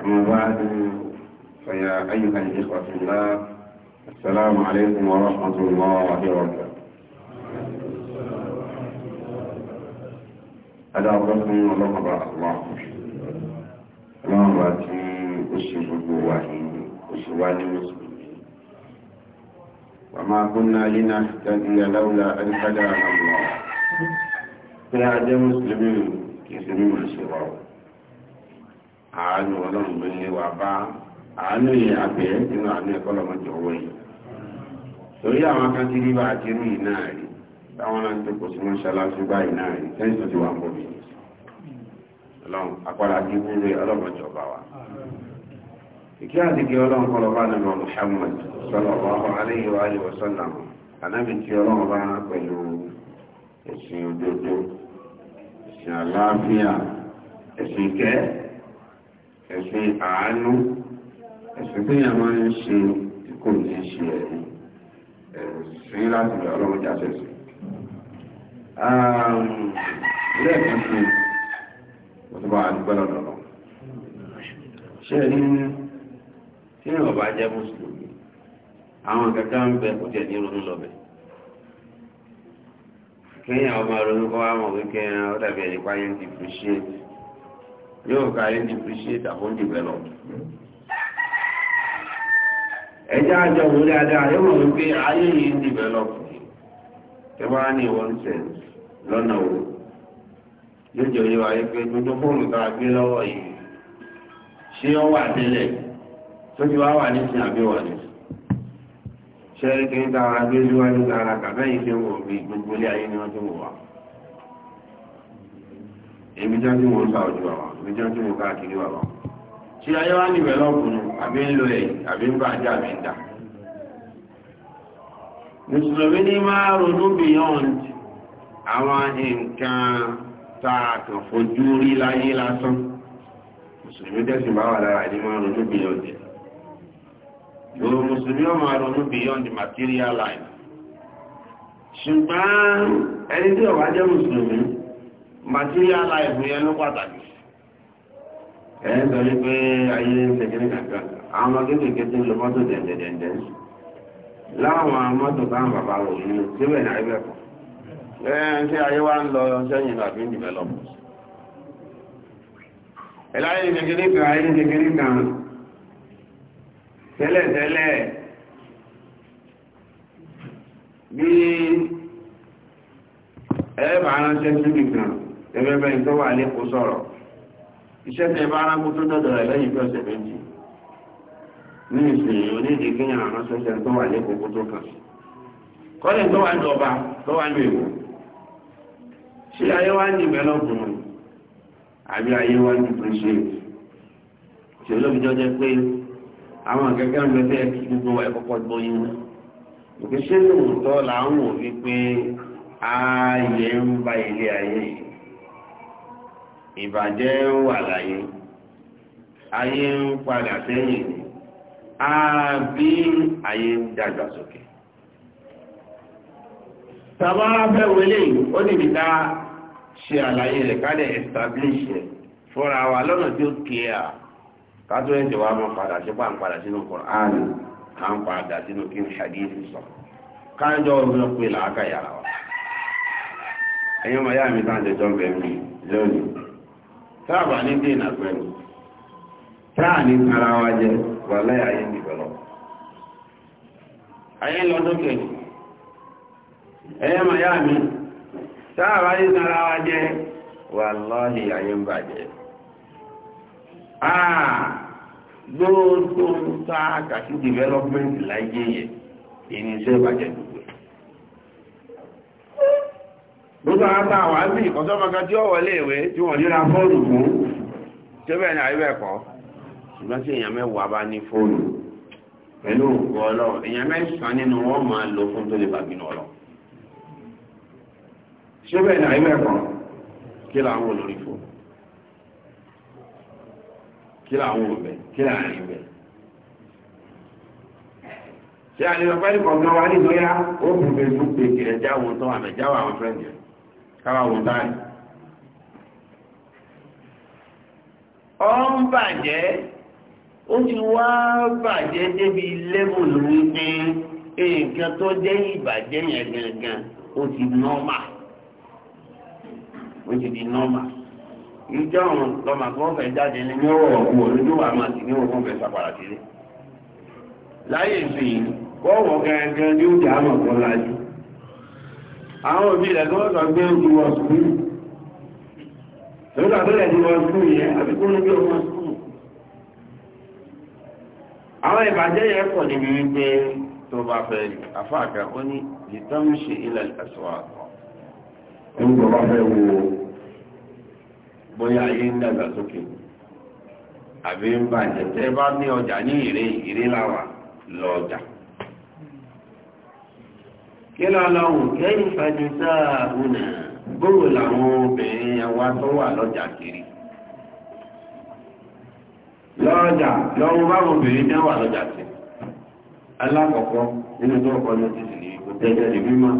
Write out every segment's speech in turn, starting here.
أما بعد فيا أيها الإخوة في الله السلام عليكم ورحمة الله وبركاته هذا أبركم الله بارك الله الله باتي أشهد واحد أشهد وما كنا لنهتدي لولا أن هدانا الله يا مسلمين يسلمون من àánú ọlọ́run ló ní wà bá àánú yẹn àbẹ̀ nínú àánú ẹ̀kọ́ lọ́mọdé ọwọ́ yìí torí àwọn kan bá ti rí yìí rí táwọn náà tó kò sí wọn ṣaláṣú báyìí náà rí tẹ́sí ti wà ń bọ̀ ọlọ́run apára ti ọlọ́mọdé ọba wa ìkí àti kí ọlọ́run kọ́ Muhammad alayhi wa tí ọlọ́run bá pẹ̀lú ẹ̀sìn òdodo ẹ̀sìn ẹ̀sìn àánú ẹ̀sìn tí yẹn máa ń ṣe tí kò ní ṣe ẹ̀rí ẹ̀sìn láti rẹ̀ ọlọ́run jáde sí. lẹ́ẹ̀kan sí mo ti bá a dúpẹ́ lọ́dọ̀ lọ. ṣé ẹni tí yẹn ọba jẹ́ mùsùlùmí àwọn kankan ń bẹ kò tiẹ̀ ní ronú lọ́bẹ̀. kéèyàn ọmọ ronú kọ́ àwọn òwe kéèyàn ó dàbí ẹ̀rí páyé ń ti fi ṣe é. yóò ká yé depreciate àfún develop. ẹjẹ́ àjọ wò dáadáa yóò mọ̀ wípé ayé yìí ń develop tẹ́ ní one cent lọ́nà wo yóò jẹ́ oyè wáyé gbogbo fóònù tá a gbé lọ́wọ́ yìí ṣé ó wà tẹ́lẹ̀ tó ti wá wà nísìnyí àbí wà nísìnyí ṣé kí n ta ara gbé síwájú ta ara gbogbo ilé ayé ni wọ́n èmi jájú wọn sá ojú àwọn èmi jájú wọn káàkiri wà wọn. ṣé ayé wa ní ìwẹ̀lọ́ ọkùnrin àbí ń lo ẹ̀yìn àbí ń bá ajá àbí ń dà. mùsùlùmí ní máa ronú beyond àwọn nǹkan tá a kàn fojú rí láyé lásán mùsùlùmí tẹ̀sí bá wà lára ní máa ronú beyond ẹ̀. yòò mùsùlùmí ó máa ronú beyond material life. ṣùgbọ́n ẹni tí ó wá jẹ́ mùsùlùmí material life yẹn ló pàtàkì ẹ̀ ń sọ wípé ayé ń ṣèkéré kankan àwọn ọmọ kéékèèké tí ń lo mọ́tò dẹ̀ndẹ̀dẹ̀ndẹ̀ láwọn mọ́tò táwọn bàbá wò ní síbẹ̀ ní àríwẹ̀ kan ẹ̀ ń ṣe ayé wa ń lọ sẹ́yìn làbí ń develop ẹ̀láyé ń ṣèkéré kan ayé ń ṣèkéré kan tẹ́lẹ̀tẹ́lẹ̀ bí ẹ bá ránṣẹ́ síbì kan ẹgbẹ́gbẹ́ tó wà sọrọ sọ̀rọ̀ iṣẹ́ tẹ bá arákó tó dọ̀dọ̀ rẹ̀ lẹ́yìn bí ọ̀sẹ̀ méjì ní ìsìn onídìí kíyàn àwọn sẹ́sẹ̀ tó wà tó kàn sí tó ọba tó wà ní ṣé ayé wá ní àbí ayé wá ní olóbi jọ jẹ pé àwọn akẹ́kẹ́ ń gbogbo wa ẹ̀kọ́kọ́ gbọ́ yín làwọn òfin pé ìbàjẹ́ wà láyé ayé ń padà sẹ́yìn ni àbí ayé ń dàgbà sókè tàbá fẹ́ wọlé ó níbi tá ṣe àlàyé rẹ̀ establish fúnra wa lọ́nà tí ó kéè à kátó ẹ̀jẹ̀ wa mọ̀ padà sí pa ń padà sínú Kùránì à ń padà sínú kí n ṣàdíyèsí sọ káàjọ ọ̀rọ̀ pé wa yá mi táàbà ní dènà pẹ̀lú táà ní tara wa jẹ wà láyé ayé ń dìbò lọ. ayé lọ sókè ẹyẹ màá yá mi táàbà ní tara wa jẹ wà lọ́ọ̀hì ayé ń bàjẹ́. gbogbo ń ta kàkí development láyé yẹ ìrìnsẹ́ bàjẹ́ dùn. gbogbo àwọn tá àwọn àmì ìkọ̀sọ́mọ́gá tí ó wọlé ìwé tí wọ́n níra fóònù fún tí ó bẹ̀rẹ̀ ní àríwẹ̀ kọ́ ṣùgbọ́n tí èèyàn mẹ́wàá bá ní fóònù pẹ̀lú òkú ọlọ́ èèyàn mẹ́sàn-án nínú wọn máa lò fún tó lè bàbí náà lọ tí ó bẹ̀rẹ̀ ní àríwẹ̀ kọ́ kí làwọn olórí fóònù kí làwọn òbẹ̀ kí làárín bẹ̀ ṣé àlejò pẹ́lú kọ̀ọ̀kan wa nígbóyá ó bùbẹ̀ fún pé kìrẹ̀jáwó tó àmẹ̀jáwó àwọn fẹ́ǹdì káwà wò táyì. ọ ń bàjẹ́ ó ti wá bàjẹ́ débi lẹ́bùlù wípé nǹkan tó jẹ́ ìbàjẹ́ yẹn gangan ó ti nọ́mà ó ti di nọ́mà ìjọ ọ̀run lọ́mà kó fẹ́ jáde ní ní ọ̀rọ̀ ọ̀kú olójú wa máa ti ní ọ̀rọ̀ fẹ́ sàpàrà sílé láyé ìsìn kọ́wọ̀ gangan ní ó jà á mọ̀ kọ́ àwọn òbí rẹ̀ kọ́ ọ̀sán gbé ojú wọn sùn lórí àbẹ́rẹ̀ ni wọ́n sùn yẹn àbíkú ní bí wọ́n àwọn ìbàjẹ́ yẹn pọ̀ níbi wípé tó bá fẹ́ àfáàkà ó ní ìtọ́mùsí ilẹ̀ ẹ̀sọ́ àtọ̀ kí lọ́lọ́run kẹ́yìn fàjúsá àhúnà bóò làwọn obìnrin àwa tó wà lọ́jà kiri lọ́jà lọ́wọ́ báwọn obìnrin náà wà lọ́jà kiri alákọ̀ọ́kọ́ nínú tó kọ́ ní títì ní ipò tẹ́jọ́ ní mímọ́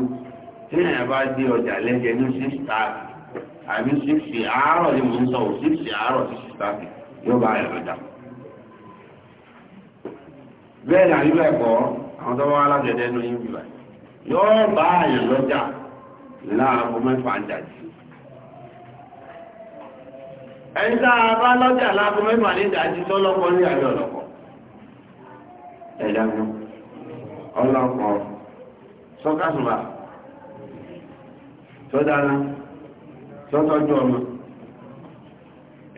tí èèyàn bá dé ọjà lẹ́jẹ̀ ní six thirty àbí six àárọ̀ ni mò ń sọ six àárọ̀ sí six yóò bá yẹ̀ lọ́jà bẹ́ẹ̀ ni àyíká ẹ̀kọ́ àwọn tó wá alájẹ̀dẹ́ nínú yín bíbáyìí yóò bá àyàn lọ́jà láàbò mẹ́fà jàjì ẹni táa bá lọ́jà láàbò mẹ́fà ní ìdájí tó ní àjọ ọ̀lọ́pọ̀ ẹ̀dàgbọ́n ọlọ́pọ̀ sọ́kásùmá tó sọ́tọ́jú ọmọ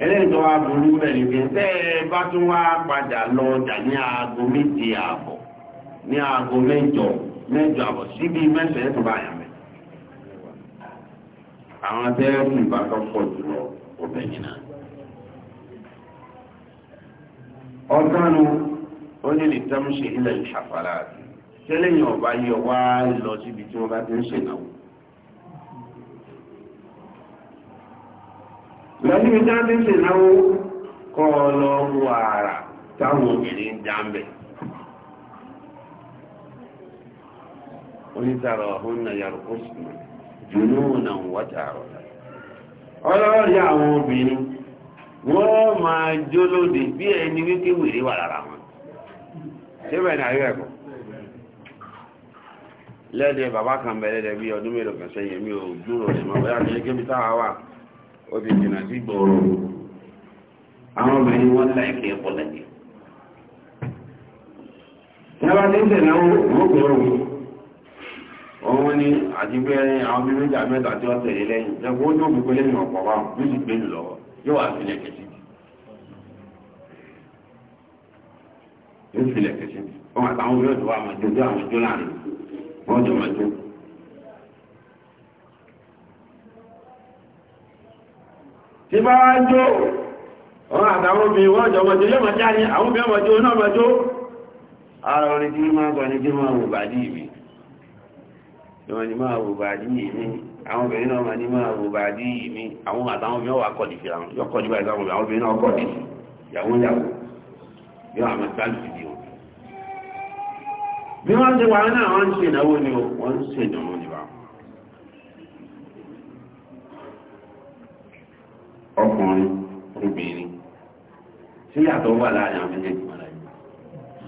ẹlẹ́dọ̀ aburú bẹ̀rẹ̀ ẹ mẹ́jọ àbọ̀ síbi mẹ́sẹ̀ ẹ̀ bá yàn mẹ́. àwọn tẹ́ẹ̀rù ìbátan pọ̀ jùlọ obìnrin náà. ọ̀gánu ó ní lè tẹ́mùsì ilẹ̀ ìṣàfàlà tẹ́lẹ̀yìn ọba yẹ wá lọ síbi tí wọ́n bá ti ń ṣènáwó. ti ń kọ́ ọ wọ táwọn obìnrin dá onítàràhùnà yàrùkúsùnà jùnúnà wọ́tàrọ̀tà ọlọ́rí àwọn obìnrin wọ́n máa jó lóde bí ẹni wèrè wà lára wọn ṣébẹ̀ ní ayé lẹ́dẹ̀ bàbá kan bẹ̀rẹ̀ bí ọdún mélòó kan òun ni àti pé àwọn bí méjì mẹ́ta tí wọ́n tẹ̀lé lẹ́yìn jẹ́kọ́ ó dóògùn pé lẹ́yìn ọ̀pọ̀ wa ló sì gbé lù yóò sílẹ̀ yóò sílẹ̀ yóò tó ni wọ́n ni máa wò bàdí yìí ní àwọn obìnrin náà ma ní máa wò bàdí yìí ní àwọn àtàwọn obìnrin wà kọ̀dì sí àwọn yọkọ̀ nígbà ìgbà àwọn obìnrin náà kọ̀dì sí ìyàwó ìyàwó yóò àmọ́ sáàlù sí ìdíwọ̀n bí wọ́n ti wà náà wọ́n ń ṣe ìnáwó ni wọ́n ń ṣe ìdùnnú ni wà ọkùnrin obìnrin sí yàtọ̀ wà láàrin àwọn méjèèjì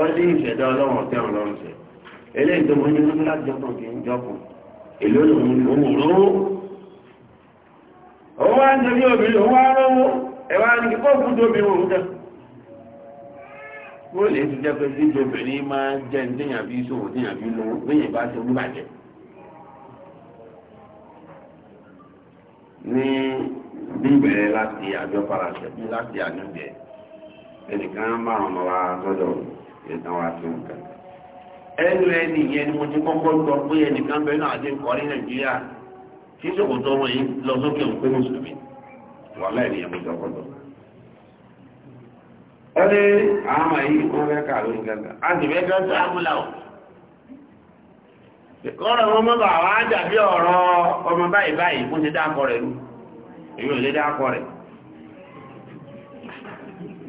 ó ní ìṣẹ̀dá ọlọ́run ọ̀tẹ́ ọlọ́run ṣe eléyìí tó mọ́ ní wọ́n láti jọ́kàn kì í jọ́kàn èló lòun ni òun rówó òun wá ń torí obìnrin òun wá rówó ẹ̀wà ní kíkọ́ fún tóbi òun jẹ́ ó lè ti jẹ́ pé jíjẹ obìnrin máa láti àjọ paraṣẹ́ bí láti àjọ jẹ ẹnìkan máa ń lọ wá òun ìtàn wa nǹkan. ẹnu ẹni yẹn ni mo ti kọ́kọ́ pé ẹnìkan bẹ́ẹ̀ náà ti ń kọ́ ní nàìjíríà tí yìí lọ sókè pé mùsùlùmí wà ó ní àmà yìí wọ́n fẹ́ kà lórí gàgà a sì fẹ́ o. kọ́rọ̀ wọn mọ́ bàá wá ọ̀rọ̀ ọmọ báyìí báyìí mo ti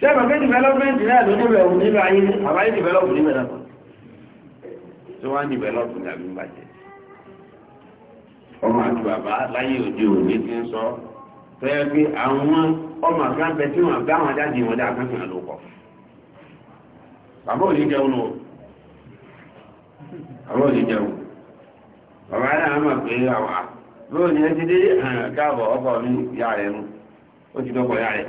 ṣé màá pé development náà ló níbẹ̀ òun nílò ayé àbáyé develop níbẹ̀ náà tí wọ́n á develop ní àbí bàjẹ́ ọmọ àti bàbá láyé òde òní di ń sọ àwọn ọmọ àgbàǹbẹ tí wọ́n bá wọn jáde wọn dá àkàǹfà ló kọ̀ bàbá ò ní jẹun dé ti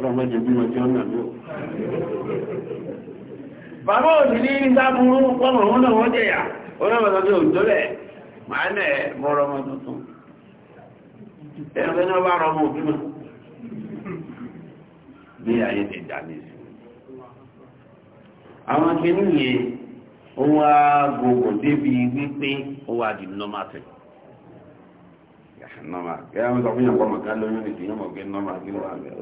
ọlọ́mọ jẹ bí mọ̀jọ́ náà ní ò bàbá òsì ní sáàbùrú pọ́mọ̀ wọn náà wọ́n jẹ̀yà onímọ̀tọ́ tí máa ń ẹ̀ tuntun náà bá bí ayé ti dà ní sí àwọn ó wá gbogbo nọ́mà kẹ́yà mọ́ sọ fún yàn pọ́mọ̀ ká lóyún nìkan yọ́mọ̀ pé nọ́mà kí ló wà mẹ́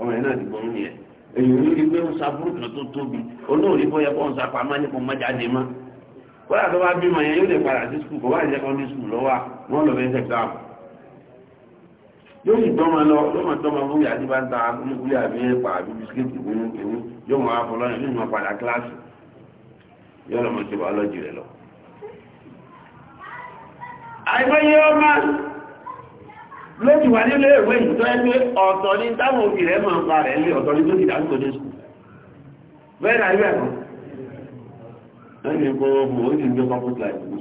ọmọ ẹ̀ náà ti gbóyún ni ẹ̀ èyí ò ní rí pé ó sa burúkú tó tóbi olóòrí bóyá kó ń sa pamọ́ nípa mọ́jáde mọ́ kódà tó bá bímọ yẹn yóò lè padà sí skul kó wá ní secondary school lọ́wọ́ wọn lọ fẹ́ sẹ́gbàm yóò sì gbọ́mọ lọ yóò mọ̀ tọ́mọ fún yàtí bá ń ta kúlíkúlí àbí ẹ̀pà àbí bisikíìtì gbóyún kéwú yóò mọ̀ afọlọ́yìn yóò mọ̀ padà kíláàsì yóò lóòtù wà nílé ìwé ìtọ́ ẹgbẹ́ ọ̀tọ̀ ní táwọn òbí rẹ̀ máa ń pa rẹ̀ lé ọ̀tọ̀ ní tó ti dájú tòde sùn bẹ́ẹ̀ náà ibẹ̀ kan lẹ́yìn ìkọ́ ọmọ ó sì ń gbé pápó tìlà ìkú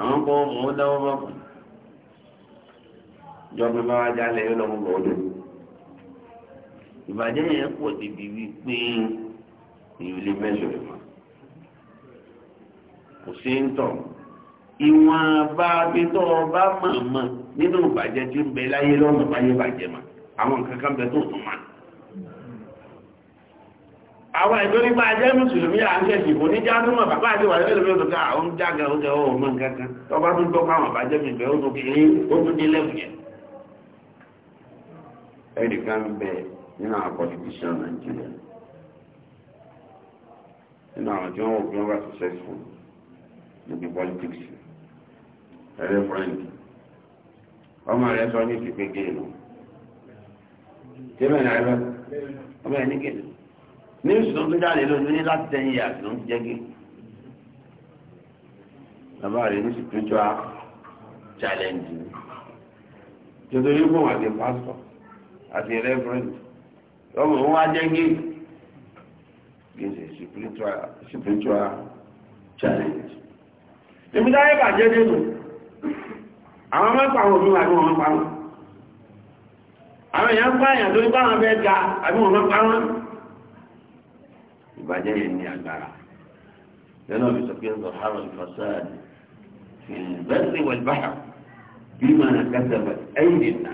àwọn kọ́ ọmọ ó dáwọ́ bá kù jọba bá wá jálẹ̀ yóò ìbàjẹ́ yẹn pọ̀ débi wípé ìrìlẹ̀ mẹ́lẹ̀ kò sí ń tọ̀ ìwọ̀n bá bí tó bá mọ̀mọ̀ nínú ìbàjẹ́ tí ń bẹ láyé lọ́nà báyé bàjẹ́ mà àwọn nǹkan kan bẹ tó tún mà àwọn ìtorí bá jẹ́ mùsùlùmí à ń ṣẹ̀ṣì kò ní já túnmọ̀ bàbá àti wà lórí lórí ọ̀tọ̀ká àwọn jága oúnjẹ ọ̀hún mọ́ nǹkan kan tó bá tún gbọ́ fáwọn àbájẹ́ mi bẹ́ẹ̀ rẹ́fúrẹ́ǹdì ọmọ rẹ sọ ní ti pété nù tẹ́lẹ̀ náà rẹ ọmọ ẹ̀ ní kéde ní ìṣòro tó jáde lónìí ní láti tẹ́yìn yà ló ń jẹ́gẹ́ bàbá rẹ ní spiritual challenge nítorí fún àti pastor àti reverend ọmọ òun wá jẹ́gẹ́ kì í ṣe spiritual spiritual challenge. Ibi táyé bàjẹ́ nínú. àwọn mẹ́pàá àwọn òfin àbí wọn pàwọn àwọn èèyàn pààyàn tó ní pàwọn bẹ́ẹ̀ ga àbí wọn pàwọn ìbàjẹ́ yẹn ní agbára lẹ́nà òbí sọ harold bí na kẹsẹ̀ ẹ̀yìn nìyà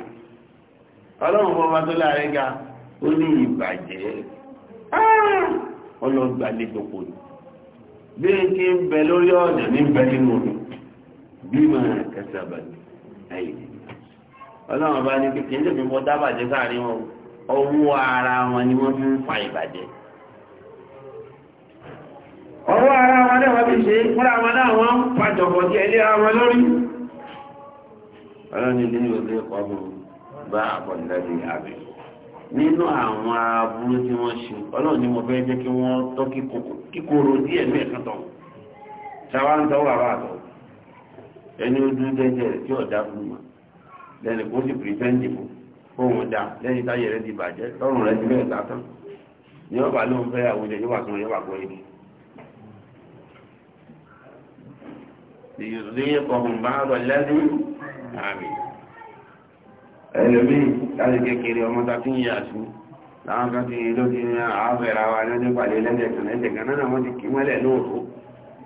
ọlọ́run bọ́ bá tó ga ó ní ìbàjẹ́ ah! ọlọ́gbàlejò kò ní bí n bẹ lórí ọ̀nà bímọ kẹsàbà ẹyìn ọlọ́run bá ní kékeré lèmi mọ dábàjẹ́ sáàrin wọn ọwọ́ ara wọn ni wọ́n fi ń fa ìbàjẹ́ ọwọ́ ara wọn náà wọ́n fi ṣe fúnra wọn náà wọ́n ń pàjọpọ̀ sí ẹlẹ́ra wọn lórí ọlọ́run ilé ní òde ẹ̀kọ́ mọ́ bá àpọ̀lẹ́dẹ́ àbẹ̀ nínú àwọn aburú tí wọ́n ṣe ọlọ́run ni mo fẹ́ jẹ́ kí wọ́n tọ́ kíkorò díẹ̀ ní ẹ̀kan tọ̀ ṣàwọn ń tọ́wọ́ àbá àtọ̀ ẹni ojú jẹ́jẹ́ rẹ̀ tí ọ̀dá fún ma lẹ́ni kó sì pìrìfẹ́ǹdì fún fóun dá lẹ́yìn táyẹ̀ rẹ̀ ti bàjẹ́ lọ́rùn rẹ̀ ti bẹ̀rẹ̀ sátán ní ọba ló ń fẹ́ àwùjọ yóò wà tún yóò wà kọ́ ibi. ìyòsílẹ̀ kọ̀ọ̀kan bá rọ lẹ́nu àmì ẹlòmíì láti kékeré ọmọ ta fi ń yà sí láwọn kan ti ló ní àwọn fẹ́ra wa lọ́dún pàdé lẹ́dẹ̀ẹ̀kan lẹ́dẹ̀ẹ̀kan náà wọ́n ti kí mọ́lẹ̀ lóòótọ́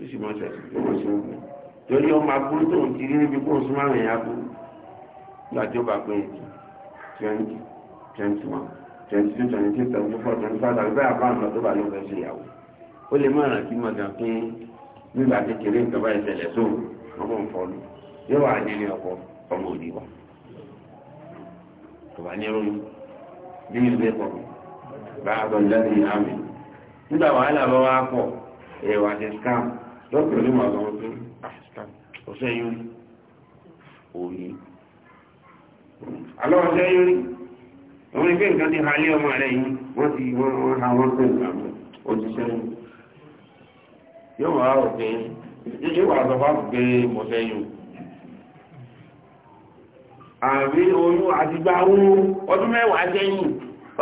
ó sì máa ṣẹ̀ṣẹ̀ tó kò sí ogun torí ọmọ aburú tó ń kiri níbi kó ń súnmọ́ àwọn èèyàn aburú nígbà tí ó bá pé twenty twenty one twenty two twenty three twenty four twenty five tàbí bẹ́ẹ̀ àbá àmọ́ tó bá ló fẹ́ ṣe ìyàwó ó lè má rántí mọ́ gan pé nígbà kékeré nǹkan báyìí ṣẹlẹ̀ tó ọmọ nfọlù yóò wà nílé ọkọ ọmọ òdì wa kò bá ní ronú bí ìlú ẹ̀kọ́ bá a bọ̀ nílẹ̀ ní àmì nígbà wàhálà bá wà á pọ̀ ẹ̀ wà ti scam dọ́kítọ̀ ní màá lọ́wọ́ pé ọ̀sẹ̀ yóò òní alọ́ ọ̀sẹ̀ yóò rí wọ́n ní pé nǹkan ti ha lé ọmọ rẹ̀ yìí wọ́n ti wọ́n wọ́n ha wọ́n pé nǹkan mọ́ òjíṣẹ́ yìí yóò wá rò pé yíyí wà sọ fáwọn pé mọ̀sẹ̀ yóò àbí oyún àti gbàwó ọdún mẹ́wàá sẹ́yìn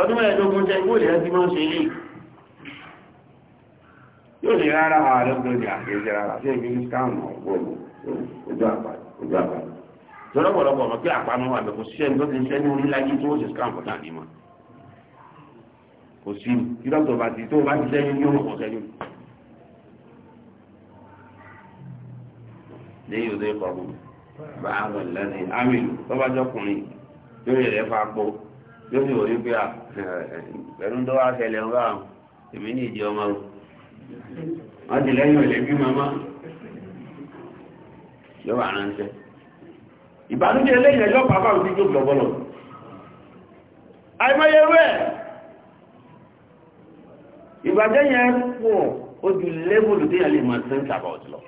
ọdún mẹ́ẹ̀ẹ́dógún sẹ́yìn kó lè ẹ́ ti máa ṣe léyìí yóò ní rárá wà lọ́gbọ́n ní rárá sí ibi ní skáàmù ọgbọ́ọ̀lù ojú àpàdé ojú àpàdé lọ́pọ̀lọpọ̀ ọmọ pé àpamọ́ wà kò sí tó ti ń ní oníláyé tí wọ́n ṣe skáàmù fọ́tà ní mọ́ kò sí kí dọ́tọ̀ bá ti tó bá ti sẹ́yìn ní òun kò sẹ́yìn. lẹ́yìn òde kọ̀ọ̀bù bá a lọ lẹ́sìn amíl tó bá jọkùnrin lórí rẹ̀ fa pọ̀ lórí òní pé wọ́n ti lẹ́yìn ọ̀lẹ́ bí màmá yọ́wà ránṣẹ́ ìbànújẹ́ lẹ́yìn ẹjọ́ pàápàá òsì tó gbọ̀gbọ̀lọ̀ àìmọye rẹ̀ ìbàjẹ́ yẹn pọ̀ ó ju lẹ́bùlù tí yẹn lè máa tẹ́ ń sàbà ọ̀tí lọ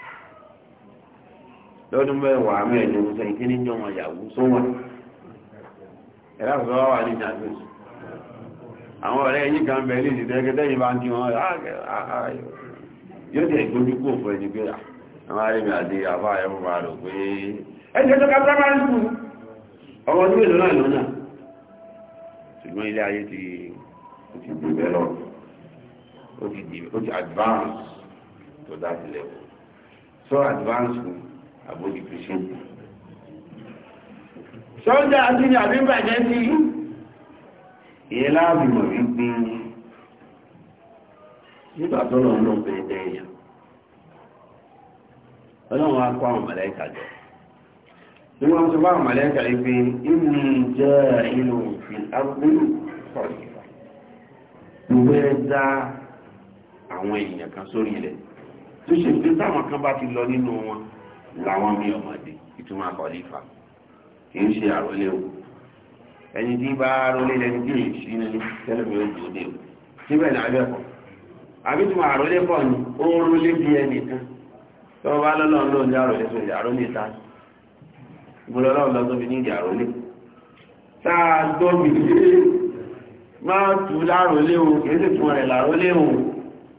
lọ́dún mẹ́wàá mẹ́rin ló ń sọ ìkíní jọmọ yàwó sówà ẹ̀rọ àfọwọ́ wà ní ìdájọ́ àwọn ọ̀rẹ́ yìí kan bẹ̀rẹ̀ lè tẹ́gẹ́tẹ́ yìí bá ń kí wọn ah, ah, ah, yóò tẹ́ ìgbójú kò fún ẹni pé àwọn arẹ́mì àti àfá ẹmú bá rò pé ẹjẹ́ tó kápẹ́ bá ń kú ọmọ ọdún èlò náà lọ́nà ṣùgbọ́n ilé ayé ti ti develop ó advance to that level so advance kù àbójú kìí ṣe sọ́jà àti ní àbí bàjẹ́ sí ìyẹ́ láàbìmọ̀ wípé nígbà tó lọ lọ bẹ̀rẹ̀ dẹ́yà ọlọ́run akọ àwọn mọ̀lẹ́kà jọ ní wọ́n tó bá mọ̀lẹ́kà wípé inú jẹ́ inú òfin agbóhùn kọ̀ọ̀kìfà gbogbo ẹ dá àwọn èèyàn kan sórí ilẹ̀ tó ṣe pé táwọn kan bá ti lọ nínú wọn làwọn mi ọmọdé ìtumọ̀ àkọlífà kì í ṣe àròlé òkú ẹni tí bá rọlé lẹni tí èyí sí ní tẹ́lẹ̀mí ojú òde o síbẹ̀ ní abẹ́kọ̀ àbítùmọ̀ àrólé pọ̀ ní ó rọlé bí ẹni kan tó bá lọ́lọ́ lóun ní àrólé tó ní àrólé ta ìgbọ́lọ́ lọ́wọ́ lọ́tọ́ fi ní ìdí àrólé tá a gbọ́ máa tù lárólé o kì sì tún rẹ̀ lárólé o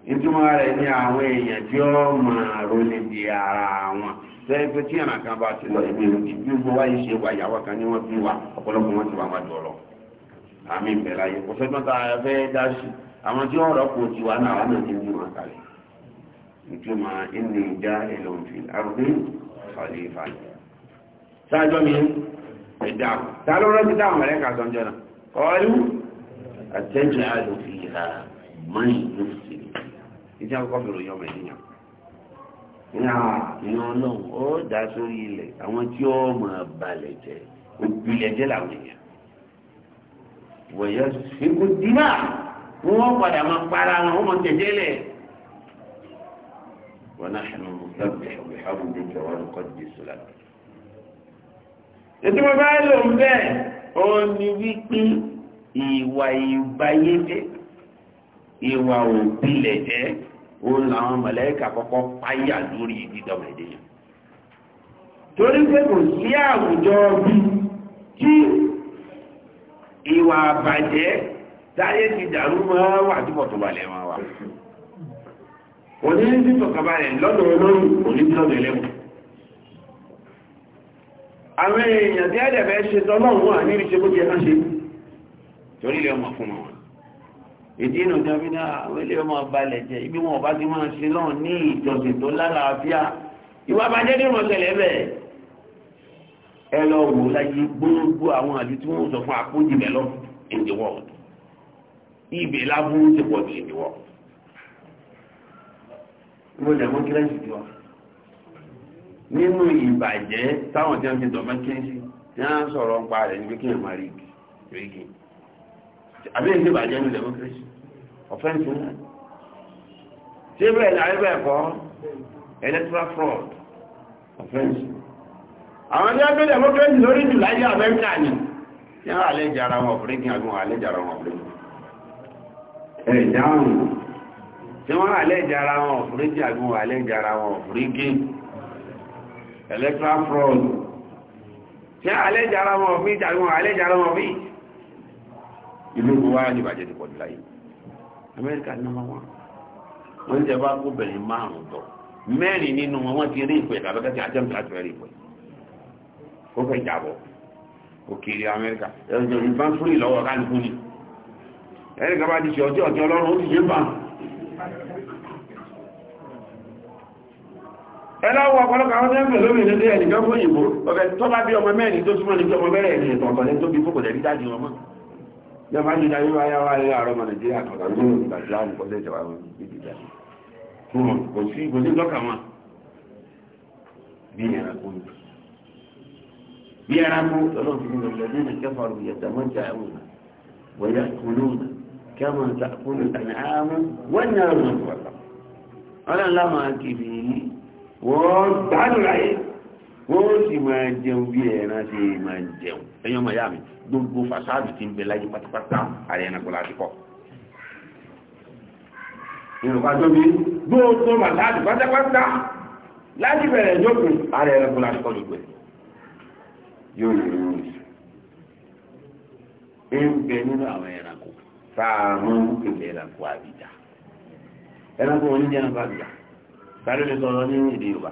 ìtumọ̀ rẹ̀ ní àwọn èèyàn tí ó máa ronú di ara wọn tẹ́lẹ̀ pé tí ẹ̀nà kan bá ti lọ ìbí ìròyìn bí gbogbo wáyé ṣe wà ìyàwó kan ní wọ́n bí wa ọ̀pọ̀lọpọ̀ wọn ti wà wájú ọ̀rọ̀ àmì ìbẹ̀ láyé kò fẹ́ tán tá a fẹ́ dá sí àwọn tí ọ̀rọ̀ kò ti wà náà wọn ti bí wọn kalẹ̀ ìtumọ̀ ìní ìjà ẹlòmfì àrùbí fàlífà ìdí àkọ́kọ́ fèrò yọmọ ènìyàn ìran ọlọ́run ó dá sórí ilẹ̀ àwọn tí ó mọ̀ balẹ̀ jẹ́ òbílẹ̀ jẹ́ làwọn èèyàn wọ̀nyẹ́ fíkú dínà wọ́n padà máa para wọn ó mọ̀ tẹ̀jẹ́ lẹ̀ wọn náà ṣe mọ̀ lọ́gbẹ̀ ṣọ̀gbẹ̀ ṣàbùdé ìjọba ọkọ̀ dé sọ́lá ètò wọn bá lò ń bẹ́ẹ̀ ó ní wípé ìwà ìbáyé jẹ́ ìwà òbílẹ̀ jẹ́ òun làwọn mọ̀lẹ́kà kọ́kọ́ páyà lórí dídọ̀mọ̀ èdè yẹn torí pé kò sí àwùjọ bí kí ìwà àbàjẹ́ táyé ti dàrú máa wà túbọ̀ tó balẹ̀ máa wà òní ní tọ̀kàbalẹ̀ lọ́dọ̀ olórí òní lọ́dọ̀ ẹlẹ́wọ̀n àwọn èèyàn tí ẹ̀dẹ̀ fẹ́ ṣe tọ́lọ́run wà ní ìṣẹ́gbójẹ́ kan ṣe torí lẹ́wọ̀n fún wọn ìdí inú jọ bí náà àwọn ilé ọmọ balẹ̀ jẹ ibi wọn ọba ti máa ṣe lọ́n ní ìjọsìn tó lálàáfíà ìwà bàjẹ́ ní ìrọ̀sẹ̀lẹ̀ bẹ́ẹ̀ ẹ lọ wò láyé gbogbo àwọn àlù tí wọ́n sọ fún àpòjì bẹ́ẹ̀ lọ in the world ibè lábúrú ti pọ̀ jù in the world. mo jẹ́ mọ́ kílẹ̀sì tí wọ́n nínú ìbàjẹ́ táwọn tí wọ́n ti dọ̀mọ́ kílẹ̀sì tí wọ́n sọ̀rọ̀ ń pa rẹ̀ níbi kí wọ́n máa rí igi àbí ìbàjẹ́ ní democracy ọ̀fẹ́ǹtì náà ṣé bẹ́ẹ̀ ni àyẹ́bẹ̀ ẹ̀kọ́ electoral fraud ọ̀fẹ́ǹtì àwọn ẹgbẹ́ ẹgbẹ́ democracy lórí jù láyé amẹ́ríkà ni tí wọ́n àlẹ́ jara wọn ọ̀fẹ́ǹtì àgbọn àlẹ́ jara wọn ọ̀fẹ́ǹtì ẹ̀ dáhùn tí wọ́n àlẹ́ jara wọn ọ̀fẹ́ǹtì àgbọn àlẹ́ jara wọn ọ̀fẹ́ǹtì electoral fraud tí àlẹ́ jara wọn ọ̀fẹ́ǹtì àgbọn àlẹ́ jara wọn ọ̀fẹ́ǹtì ìlú wa ní bàjẹ́ ti pọ̀ jù láyé amẹ́ríkà nọ́mbà wọn wọ́n ń jẹba gómìnà márùn-ún tọ̀ mẹ́rin nínú wọn wọ́n ti rí ìpè tàbí àjẹmí láti rí ìpè ó fẹ́ jàbọ̀ òkèèrè amẹ́ríkà ẹ̀rọ ìbá ń fúrì lọ́wọ́ kálukú ni ẹ̀ríkà bá ti ṣe ọjọ́ ọjọ́ ọlọ́run ó ti yé bá ẹláwọ̀ ọ̀pọ̀lọpọ̀ àwọn ẹgbẹ̀ lórí ìdẹ́dẹ́ ẹ̀nìkan fún ìbò ọ̀fẹ́ tó bá bí ọmọ mẹ́rin tó súnmọ́ ní ọmọ mẹ́rin ẹ̀sìn ìtọ̀ọ̀tọ̀ lẹ́ bí fòkòtẹ̀ rí dájú ọmọ yọba ní ìdájú wáyá wá ilé àárọ̀ ọmọ nàìjíríà kọ̀ọ̀kan ní ìlú ìgbàjá àmùkọ́ lè jẹ̀wá wọn níbi ìjà wọn kò sí kò sí lọ́kàn wọn bí ẹranko ni bí ẹranko lọ́nà fi ní ọ̀lẹ́ nínú kẹfàrú yẹ̀dàmọ́jà ẹ̀wọ̀n wọ̀yà kúló kẹmọ̀ ta kúló tàní àmú wọ́n ní àrùn ọ̀tọ̀ ọ̀lá máa kìbì yìí wọ́n gbàdúrà yìí wọ́n sì máa jẹun bí ẹran ṣe máa jẹun ẹ̀yìn ọmọ ìyá mi gbogbo fasáàdù ti ń bẹ láyé pátápátá ààrẹ ẹranko láti kọ́ yorùbá tó bí gbogbo fasáàdù pátápátá láti bẹ̀rẹ̀ jókòó ààrẹ ẹranko láti kọ́ ló gbẹ yóò lè rún un ẹ ń bẹ nínú àwọn ẹranko tá a mú ìpè ẹranko àbíjà ẹranko oníjẹ ẹranko àbíjà sáré lè sọ̀rọ̀ ní èdè yorùbá.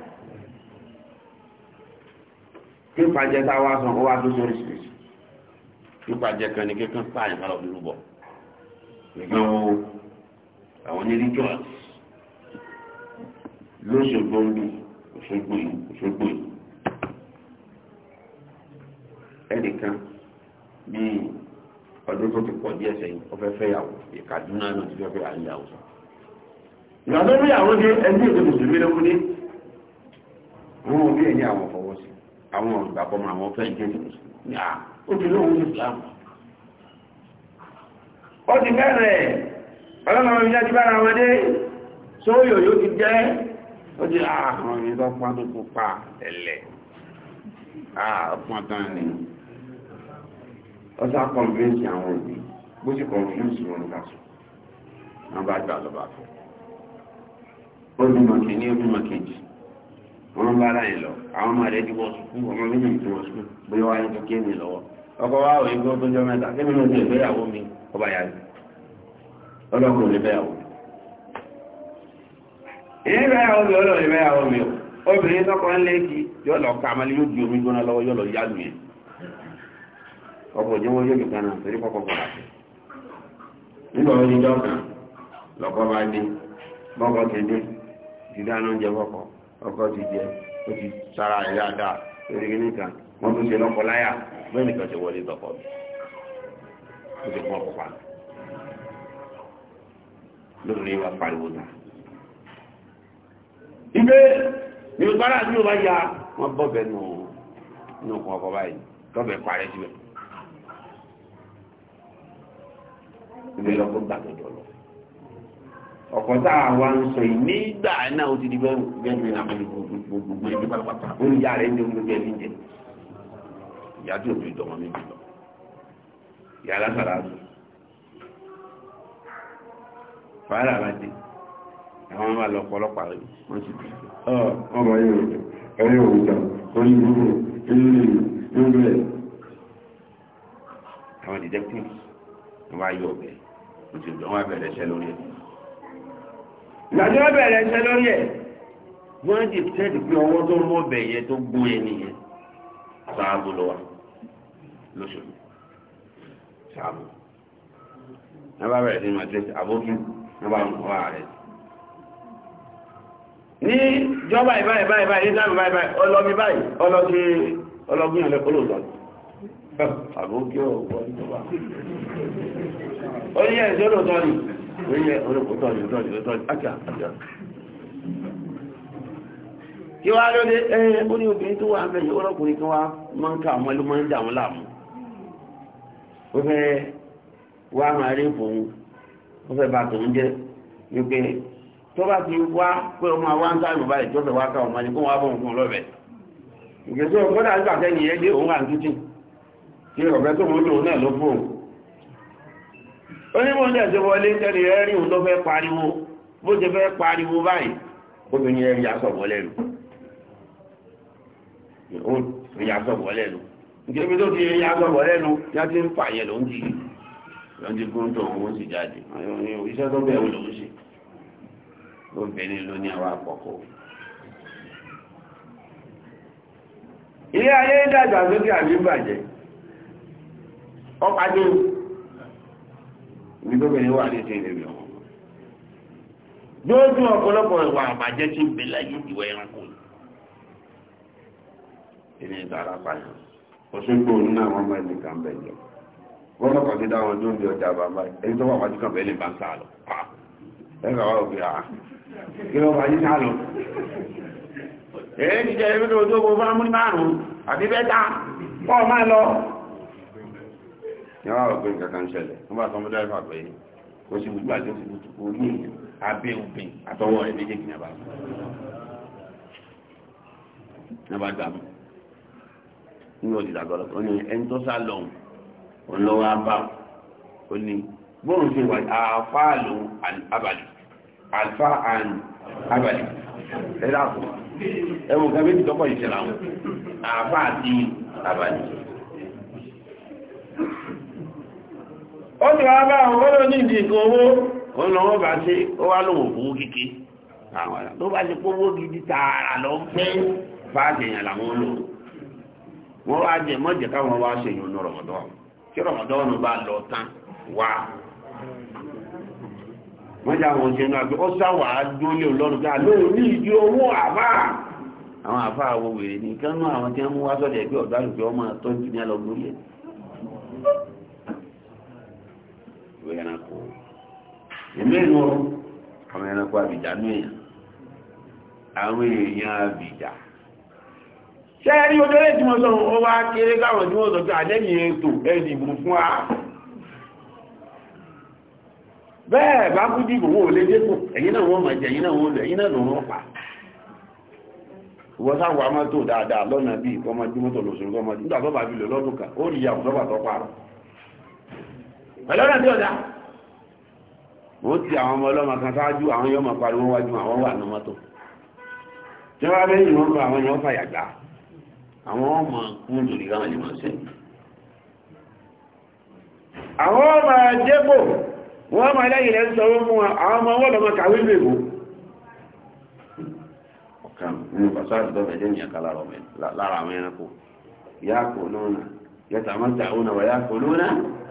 pípa jẹ tá a wá sàn ó wá tó sórí síbìsì pípa jẹ kan ní kíkan pààyàn kálọ̀ bí rúbọ̀ nìkan wo àwọn ní rituals lóṣogbo ń bí òṣogbo yìí òṣogbo yìí ẹnìkan bíi ọdún tó ti pọ̀ díẹ̀ sẹ́yìn ó fẹ́ fẹ́ yàwó ìkàdúnà náà ti fẹ́ fẹ́ àyíyàwó sọ. ìgbà tó ní àwọn ní ẹni èdè mùsùlùmí ló kú ní wọn ò bí ẹ̀yìn àwọn fọwọ́ sí i àwọn ìgbàgbọ́ mọ àwọn fẹ́ jẹ́ ní à ó islam ó ti bẹ̀rẹ̀ ọlọ́mọ ìjá ti bára wọn dé sóyò yóò ti jẹ́ ó ti àwọn ìrìn tó pọ́n tó pa ẹ̀lẹ̀ àpọ́n ni ó sá àwọn òbí bó sì kọ̀m̀pẹ́sì wọn nígbà sọ wọn bá gbà lọ́ba fẹ́ ó bímọ kìíní ó bímọ kejì wọn ń bá ara yẹn lọ àwọn ọmọ rẹ̀ ti wọ sùkú ọmọ méjì ti wọ sùkú bóyá wáyé tó kí èmi lọ́wọ́ ọkọ wa ò yíkó tó jọ mẹ́ta kí mi ló ti ìgbéyàwó mi ọba yà mí ọlọ́kùnrin lè bẹ́yàwó mi. èyí bẹ́yàwó mi ọlọ́run lè bẹ́yàwó mi o obìnrin tọkọ ń lé kí yóò lọ ká amalé yóò di omi gbóná lọ́wọ́ yóò lọ yá lu yẹn ọkọ̀ òjò wọn yóò lù kan náà torí kọ́kọ́ bọ̀ láti. nígbà wo ni jọ́ kan lọ́kọ́ bá dé bọ́kọ̀ ti dé ìdáná oúnjẹ bọ́kọ̀ ọkọ ti jẹ ó ti sára rẹ̀ dáadáa lórí kí nìkan wọ́n tún ṣe lọ́kọ láyà bẹ́ẹ̀ nìkan ṣe wọlé tọkọ mi ó ti kún ọkọ̀ pa lórí wa pariwo náà. ibẹ̀ ni o gbára àti o bá ya wọ́n bọ́bẹ̀ nù nù kún ọkọ̀ báyìí tọ́bẹ̀ parẹ́ síbẹ̀. ibẹ̀ lọ́kọ̀ gbàgbọ́dọ̀ lọ ọ̀pọ̀ tá a wá ń sọ yìí nígbà náà ó ti di bẹ́ẹ̀ bẹ́ẹ̀ bẹ́ẹ̀ náà gbogbo ẹbí pátápátá oúnjẹ rẹ̀ ń dẹ́kun lókè ẹbí jẹ ìyá tí òbí dọ̀mọ́ méjì lọ ìyá lásàrà àdùn fàárà bá dé àwọn ọmọ àlọ́ ọ̀pọ̀lọpàá rẹ̀ wọ́n ti dùn. ọmọ yìí rẹ̀ ẹ̀rẹ́ òwúta orí gbogbo ilé gbogbo ẹ̀. àwọn dìdẹ́kùn wọn wá yọ ọbẹ̀ òtún wọn wá bẹ̀rẹ̀ ṣẹ́ lórí ẹ̀ ìgbàjọ́ bẹ̀rẹ̀ ṣẹ́ lórí ẹ̀ wọ́n ti tẹ́tì pé ọwọ́ tó mọ́ bẹ̀ yẹ tó gún ẹni yẹn ṣáàbù lọ́wọ́ lóṣòlù ṣáàbù wọ́n bá bẹ̀rẹ̀ sí máa tẹ́tì àbókí wọ́n bá mú wá rẹ̀ ní jọba ìbáyìí báyìí báyìí ní sáàmù báyìí báyìí ọlọ́mi báyìí ọlọ́sí ọlọ́gbìn ọ̀lẹ́ kólóòtọ́ àbókí ọ̀wọ́ ìjọba ó ní ẹ̀ onye olókòótọ́ onye òótọ́ ni òótọ́ ni ájà tó bá ti wá pé ọmọ àwọn ń sáàmù báyìí tó wá wá fún ọlọ́bẹ̀ òun wà onímọ̀ọ́dẹ̀ ṣe wọlé tẹ́lẹ̀ ẹ̀rí òun ló fẹ́ pariwo bó ṣe fẹ́ pariwo báyìí obìnrin ẹ̀rí asọ̀bọ̀lẹ́nu ẹ̀rí asọ̀bọ̀lẹ́nu nítorí tó ti ẹ̀rí asọ̀bọ̀lẹ́nu yá ti ń fàyẹ̀ ló ń jì ló ń jì gún tó òun sì jáde iṣẹ́ tó bẹ̀rù ló ń ṣe obìnrin ló ní àwọn àpọ̀kọ̀ ilé ayé dàgbàsókè àbí bàjẹ́ ọ̀pá ibi tó bẹ̀rẹ̀ wà ní ìṣe ìrẹ̀lẹ̀ wọn. lójú ọ̀pọ̀lọpọ̀ ìwà àbàjẹ́ tí ń bẹ láyé ìwà ẹranko ni. ìní ìtara pààyàn òṣèlú òun náà wọ́n mọ ẹni kan bẹ̀ jọ. wọ́n lọ́kàn ti dá tó ń di ọjà bàbá ẹni tó wà wájú kan bẹ́ẹ̀ lè bá lọ. ẹ kà wá òkè àá kí ló wájú sá lọ. èyí jẹ́ ibi tó tó kó fún ní wọ́n rọ̀ pé nǹkan kan ṣẹlẹ̀ wọ́n bá sọmọdé ẹ̀fà pé kò sí gbogbo àti oṣù tuntun orí èèyàn abẹ́ òfin àtọwọ́ rẹ̀ méjèèjì ní abáyé ní abá dàmú ní ọdí ìdàgbọ́lọ́ ó ní ẹni tó sá lọ òun lọ́wọ́ abá ó ní bóun ṣe wà àfa lò abalì alfa and abalì ẹ dàpọ̀ ẹ̀wọ̀n kan méjì tọ́pọ̀ ìṣẹ̀lẹ̀ àwọn àfa àti abalì ó ti wá bá àwọn ọlọ́ ní ìdí ìkan owó ó lọ wọ́n bá ṣe ó wá lòun òfowó kéke àwọn bá ṣe kówó gidi tààrà lọ pé fáàtì èèyàn làwọn lò wọ́n wá jẹ mọ́jẹ káwọn wá ṣe ìyọnu rọ̀mọ̀dọ́n tí rọ̀mọ̀dọ́n bá lọ tán wá mọ́jẹ àwọn òṣèlú àgbẹ̀ ó sáwà á dún lé olórùn ká lóò ní ìdí owó àbá àwọn àfa àwọ wèrè nìkan náà àwọn tí wọ́n mú wá sọ́dẹ̀ ẹgbẹ́ ọ̀dọ́ àlùfẹ́ ọmọ tó ń tún ní alọ́gbórí ẹ̀ ìwé ẹranko ìmẹ́nu ọmọ ẹranko àbìjà ní èèyàn àwọn èèyàn àbìjà ṣe rí ojú ẹ̀rẹ́ tí mo sọ ó wá kéré káwọn tí wọ́n sọ pé àdẹ́yìn ètò ẹ̀dìbò fún wa bẹ́ẹ̀ bá kú dìbò wọ́n lé dépò ẹ̀yìn náà wọ́n jẹ́ ẹ̀yìn náà wọ́n ọlọ́rọ̀ tí ọ̀dá wọ́n ti àwọn ọmọ ọlọ́mọ kan sáájú àwọn yóò máa pariwo wájú àwọn wà ní mọ́tò tí wọ́n bẹ́ yìí wọ́n lọ àwọn yóò fàyà gbà àwọn ọmọ kún lórí káwọn lè máa ṣe àwọn ọmọ jẹ́bò wọ́n máa lẹ́yìn lẹ́ sọ fún wọn àwọn ọmọ wọ́n lọ́mọ kàwé lèbò ọ̀kan nínú pàṣẹ tó fẹ́ jẹ́nìyàn ká lára àwọn ẹranko yáàkó lónà yẹtàmọ́ta òun náà wà yáàkó lónà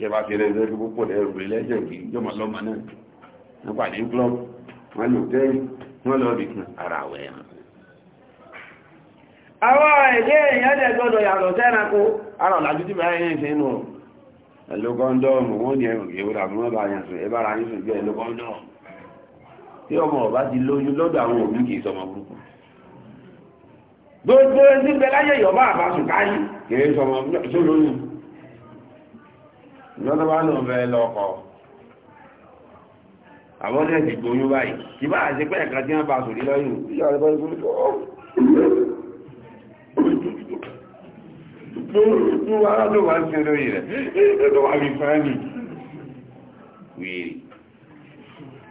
ṣẹba fi rẹ̀ lẹ́gbẹ́ púpọ̀ lẹ́rù lẹ́jẹ̀ kí jọmọ lọ́mọ náà wọ́n pàdé club wọ́n lò tẹ́ wọ́n lọ rí kan ara wẹ̀ hàn. àwọn ẹ̀jẹ̀ èèyàn dẹ̀ gbọ́dọ̀ yàtọ̀ sẹ́ranko ara ọ̀làjú tí báyìí yẹn ṣe ń nù ẹ̀lú kọ́ńdọ́ọ̀mù wọ́n ní ẹ̀rùn ìwé rà fún ọba yẹn sùn ẹ̀bára yín sùn jẹ́ ẹ̀lú kọ́ńdọ́ọ̀mù tí ọmọ ọba ti lóyún lọ́dọ̀ àwọn òbí kì í sọmọ burúkú gbogbo ẹni bẹ láyé ìyọ̀bá àbásùn káyí kì í sọmọ tó lóyún lọ́nà wà lóun fẹ́ lọ́kọ àwọn ọdún ẹ̀sìn gbóyún báyìí kì bá àṣẹ pé ẹ̀ka tí wọ́n bá sòrí lọ́yìn ìyá rẹ̀ bá gbóyún tó tó wàrà tó wà sí lórí rẹ̀ tó wà ní fẹ́ẹ̀nì wèrè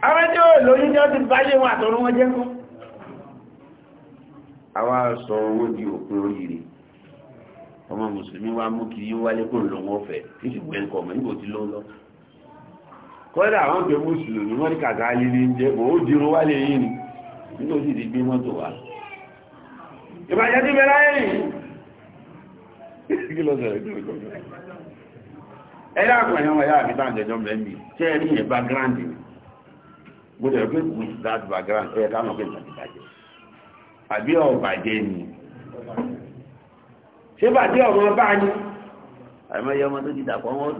àwọn tí ó lóyún jẹ́ ti báyé wọn àtọ̀rún wọn jẹ́ kọ́ àwọn aṣọ owó di òpin oríire ọmọ mùsùlùmí wa mú kiri wálé kó lò wọ́n fẹ́ níbi ìwé nǹkan ọmọ níbo ti ló lọ. kọ́dà àwọn pé mùsùlùmí wọ́n ní kàkà líle ń jẹ́ bò ó dirun wálé yìí ni nígbà ó sì ti gbé mọ́tò wa. ìbàjẹ́ ti bẹ̀rẹ̀ ayé yìí. kí ló sọ̀rọ̀ ìdúró kọ́ ẹ yá àpò ẹ̀yàn ẹ̀yà àbí táwọn jẹjọ mẹ́rin mi ṣé ẹ ní yẹn background ni mo tẹ̀lé pé with that background ẹ ká mọ̀ pé àbí ọ̀ ni ṣé bàjẹ́ ọmọ bá ní àìmọye ọmọ tó ti dàpọ̀ wọn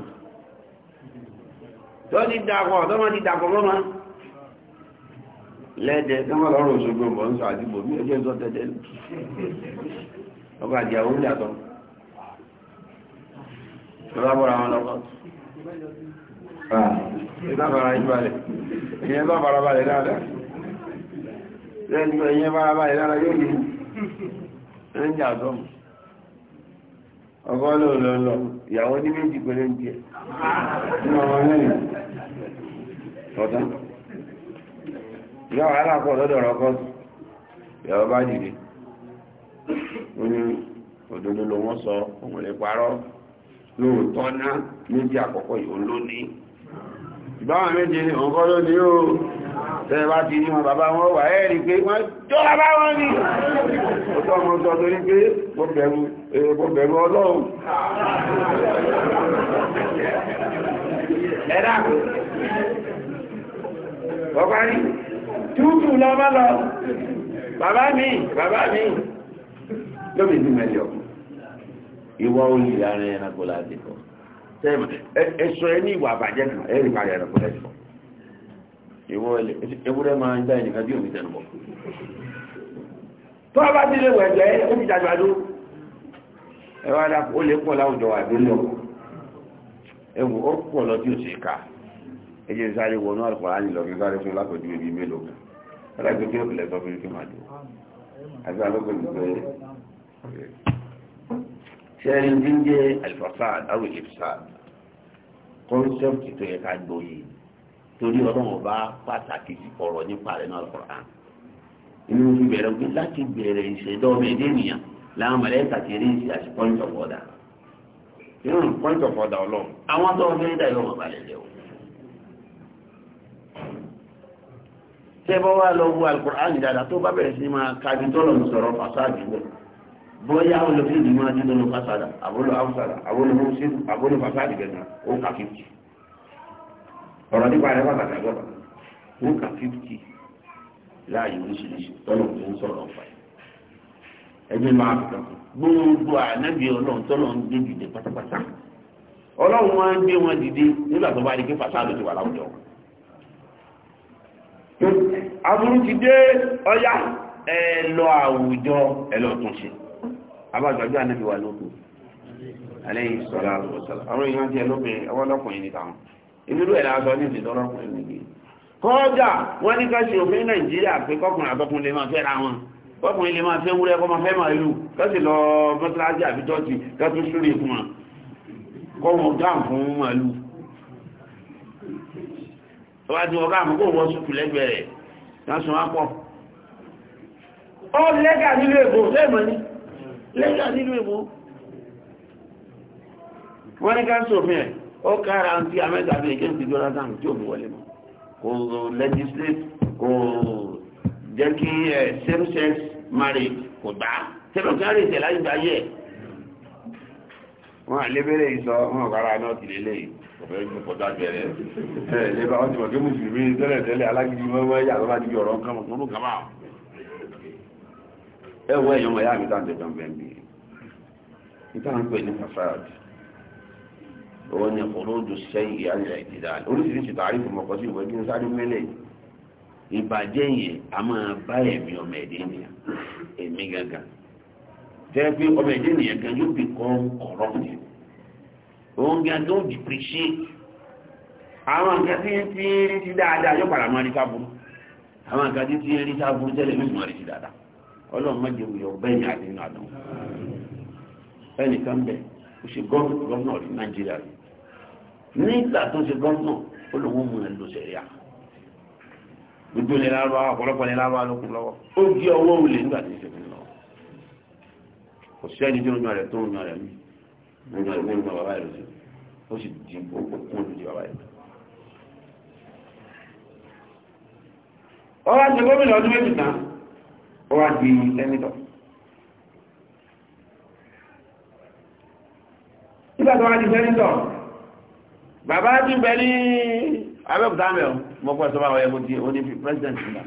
dùn tó ti dàpọ̀ tó ti dàpọ̀ mọ́ máa lẹ́ẹ̀dẹ̀ tó lọ́rùn Òṣogbo bọ̀ ń sọ àdìbò bí ẹjẹ́ sọ tẹ́tẹ́ ọkọ̀ àjẹ́ òun yàtọ̀ tó bá lọ́kọ̀ ìyẹn bá fara dáadáa lẹ́nu ẹ̀yẹn dáadáa yóò yìí ẹ̀ ń jà sọ́mù ọkọ lò lọ ìyàwó ní méjì péré ń tiẹ̀ nínú ìyàwó lọ́dọ̀ bá ló wọ́n sọ ọmọdé lè parọ́ lóòótọ́ náà méjì àkọ́kọ́ ìbáwọn tẹ́ bá ti ní wọn bàbá wọn wà ẹ́ rí pé wọ́n jọ bàbá wọn ní ó tọ́ ọmọ ọ̀tọ́ torí pé gbogbo bẹ̀rù ọlọ́run ẹ̀dá ọ̀pá rí tútù lọ bá lọ bàbá mi bàbá mi lóbi ní mẹ́jọ ìwọ olùyàrin ẹranko láti kọ ẹ̀ṣọ́ ẹ ní ìwà àbàjẹ́ kan ẹ̀rí parí ẹranko lẹ́sọ̀ọ́ ewúrẹ́ máa ń dá ẹnìkan bí omi tẹnubọ̀ tó a bá ti lè wẹ̀jẹ̀ ó ti jàjàdó ẹwà dàpọ̀ ó lè pọ̀ láwùjọ àdúnlọ̀ ẹwù ó pọ̀ lọ tí ó ṣe ká ẹjẹ́ sáré wọnú àlùkọ̀rá nílọ kí sáré fún lápẹ̀jú ibi mélòó kan alágbé tí ó fi lẹ́sọ fún kí máa dùn àti alógbè gbogbo ẹ̀ ṣẹ́rin dín jẹ́ alifasad arúgbó ìfisad kọ́nsẹ́pì tó yẹ ká gbóyè torí ọlọ́run ọba pàtàkì ọ̀rọ̀ nípa rẹ̀ náà lọ́kọ̀ọ́ kan inú fi bẹ̀rẹ̀ pé láti bẹ̀rẹ̀ ìṣẹ̀dọ́ ọmọ ẹ̀dẹ́ ènìyàn làwọn mọ̀lẹ́kà ti rí ìṣẹ̀ àti point of order inú point of order ọlọ́run àwọn tó ń fẹ́ dà yóò mọ̀ balẹ̀ lẹ́wọ̀. tẹ́bọ́ wá lọ wo alukur'an dada tó bá bẹ̀rẹ̀ sí máa kábi tọ́lọ̀ ń sọ̀rọ̀ fasáàdì bẹ̀ bóyá olùfẹ́ ìdìmọ̀ adínlọ́lù fasada àbólú haúsada àbólú mọ́sílù àbólú ọ̀rọ̀ nípa rẹ̀ pàtàkì àgbọ̀dọ̀ wọ́n kà fífìtì láàyè oríṣiríṣi tọ́lọ̀ tó ń sọ̀rọ̀ ọ̀fà yìí ẹgbẹ́ máa fi kàn gbogbo ànábì ọlọ́run tọ́lọ̀ ń gbé dìde pátápátá ọlọ́run wọn gbé wọn dìde nígbà tó bá rí pé fàṣálù ti wà láwùjọ aburú ti dé ọyá ẹ lọ àwùjọ ẹ lọ tún ṣe abájọ́jú ànábì wà lóko alẹ́ yìí sọ̀rọ̀ àwọn èèyàn ti ẹ lóbìnrin ọwọ́ lọ́kùnrin níta wọn ìlú ẹ̀ lásán ní ìdí lọ́rọ́kùnrin nìgbè kọ́ọ̀dà wọ́n ní ká ṣe òfin nàìjíríà pé kọkùnrin àtọkùnrin lè máa fẹ́ ra wọn kọkùnrin lè máa fẹ́ wúrẹ́ kọ́ máa fẹ́ máa lù kọ́sì lọ mọ́tíláṣí àbí tọ́tì kẹ́tún súrì fún wọn kọ́ wọn gáàm fún wọn lù wọ́n ti wọ́n gáàm kó wọ́n sùkù lẹ́gbẹ̀ẹ́ rẹ̀ lásán wá pọ̀ ó lẹ́gà nínú èbò lẹ́mọ̀ ní lẹ́gà nínú èbò wọ́n ní ká ṣòfin ẹ̀ ó kára ń tí amẹ́ta bí èké ń ti dọ́lá sáà tí ò fi wọlé mọ́ kò legislate kò jẹ́ kí eh, same sex marriage kò gbà tẹ́lọ̀ kí á lè tẹ̀lá ìgbà yẹ wọ́n àlébẹ́rẹ́ ìsọ wọn ọ̀kára náà ti lélẹ̀ ọ̀fẹ́ ìgbòkọ̀dá bẹ̀rẹ̀ ẹ̀ lébà wọ́n ti mọ̀ kí mùsùlùmí tẹ́lẹ̀ tẹ́lẹ̀ alágídí mọ́mọ́ yà lọ́wọ́ àdìgbì ọ̀rọ̀ kan mọ̀ kọ́mọ́ ẹwọ́ ẹ̀yọ́mọ̀ yá mi tàbí ẹ̀jọ̀ bẹ̀m̀bì ìtàn pè ní fasad òun ni kòròdù sẹ́yìn ìyáàlẹ̀ ìdìdà oríṣiríṣi tààrífù mọ̀kọ́ sí ìwé gíní sáré mẹ́lẹ̀ ìbàjẹ́ yẹn a máa bá ẹ̀mí ọmọ ẹ̀dẹ́ nìyà ẹ̀mí gangan tẹ́ pé ọmọ ẹ̀dẹ́ nìyà gan yóò bí kọ́ ọ̀rọ̀ ni òun gan tó àwọn nǹkan tí ń ti rí sí dáadáa yóò padà máa rí sábúrú àwọn nǹkan tí ti rí sábúrú tẹ́lẹ̀ yóò máa ṣe gọ́ọ̀nù nàìjíríà nígbà tó ṣe gọ́ńtò ó lòun mú ẹ lọ sẹ̀ríà gbogbo ní lárúbá ọ̀pọ̀lọpọ̀ ní lárúbá ló kún lọ́wọ́ ó di ọwọ́ olè nígbà tí ìṣẹ̀lẹ̀ lọ kò sí ẹni tí ó yan rẹ̀ tó yan rẹ̀ mí mo yan ìwé ìgbà bàbá ìrọsẹ ó sì di okùn olùdí bàbá ìrọsẹ. ó wá di gómìnà ọdún méjì tán ó wá di sẹ́nitọ̀. nígbà tó wá di sẹ́nitọ̀ bàbá ti bẹ ní abẹ́òkúta mẹ́ o mo pẹ́ sọ́ba ọ̀yẹ́ mo ti oní pírẹ́sidẹ̀ntì nígbà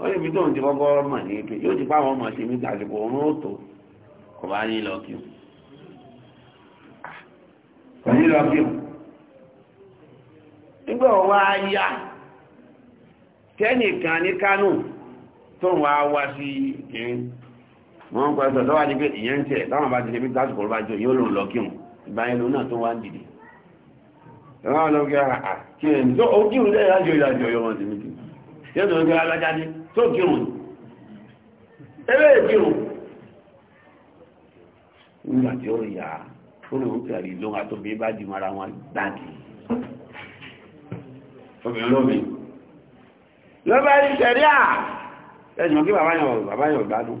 ó lè fi tóun ti kọ́kọ́ mọ̀ ní pé yóò ti pàwọn ọmọ sí mi tàṣìkò òun ó tó kò bá ní lọ kí o kò ní lọ kí o nígbà wọn wá yá tẹ́nìkan ní kánò tó wá wá sí kìíní wọ́n ń pẹ́ sọ tó wá ní pé ìyẹn ń tẹ̀ táwọn bá ti ṣe mi tàṣìkò òun bá jọ yóò lòun lọ o ìgbà lòun náà tó wá dìde àwọn ọlọ́gbẹ́ àà kí ẹni tó ó kírun lẹ́yìn lájọ ìlàjọ ọyọ́ wọn tèmi kìí yẹ́dùn ọgbẹ́ alájáde tó kírun ẹgbẹ́ kírun nígbà tí ó yà á ó lè wọ́n kí àrí lóhun àtọ́bí bá di mara wọn gbáàdì obìnrin lómi lọ́bà rí sẹ̀ríà ẹ̀sùn kí bàbá yàn bàbá yàn gbádùn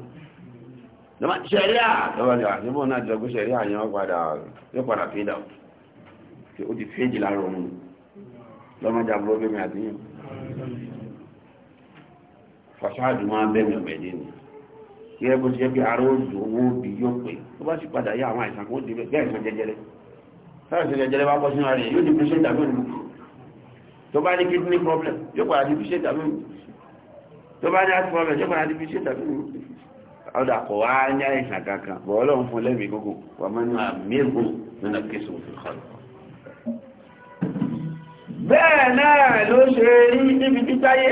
sẹ̀ríà lọ́bà rí àṣíbọ̀ náà jọ pé sẹ̀ríà yàn padà yóò padà fi dà tí ó di fèjì láàrọ̀ ọ̀run lọ́mọdé àbúrò bẹ́ẹ̀ mi àdéhùn fàṣáàdù máa bẹ́ẹ̀ mi ọ̀bẹ̀dẹ̀ ni yẹ bó ti jẹ́ pé ara ó dùn owó bí yóò pé tó bá sì padà yá àwọn àìsàn kó débẹ̀ bẹ́ẹ̀ sọ jẹjẹrẹ sáà sọ jẹjẹrẹ bá bọ́ sínú ara rẹ̀ yóò di pèsè tàbí òun tó bá ní kidney problem yóò padà di pèsè tàbí òun tó bá ní heart problem yóò padà di pèsè tàbí òun ọ̀dà kọ̀ wá ní àìsàn kankan bọ̀ fún lẹ́mìí gbogbo wà ní àmì ègbò nínú kéṣù òfin kan bẹ́ẹ̀ náà ló ṣe rí níbi títáyé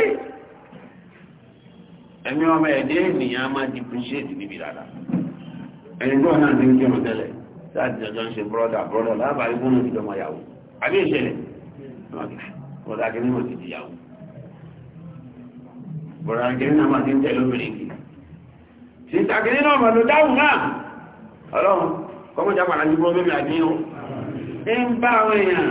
ẹ̀mí ọmọ ẹ̀dẹ́ ènìyàn máa di píṣẹ́ẹ̀tì níbi dáadáa ẹni tó náà ti ń kí wọn tẹ́lẹ̀ láti jọjọ́ ń ṣe brọ́dà brọ́dà lábàá ikú náà ti dọmọ yàwó àbí ìṣẹ̀lẹ̀ brọ́dà kìíní wọn ti di yàwó brọ́dà ń bá àwọn èèyàn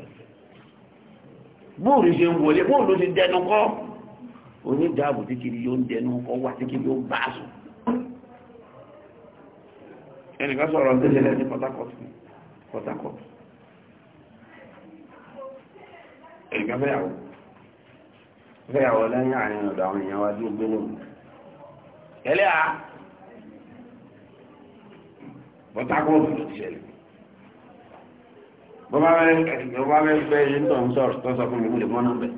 bóòlù ṣe ń wọlé bóòlù ṣe dẹnu kọ́ onídàábò tí kiri yóò ń dẹnu kọ́ wà tí kiri yóò bá a sùn ẹnìkan sọ̀rọ̀ tó ṣẹlẹ̀ ní Port Harcourt Port Harcourt ẹnìkan fẹ́yàwó fẹ́yàwó lẹ́yìn àárín ọ̀dọ̀ àwọn èèyàn wa tí ó gbé lóòrùn ẹlẹ́yà ló ti ṣẹlẹ̀ bọ́bá bẹ́ gbẹ́ yìí tó ń sọ̀rọ̀ tó sọ fún mi múlẹ̀ mọ́nà bẹ̀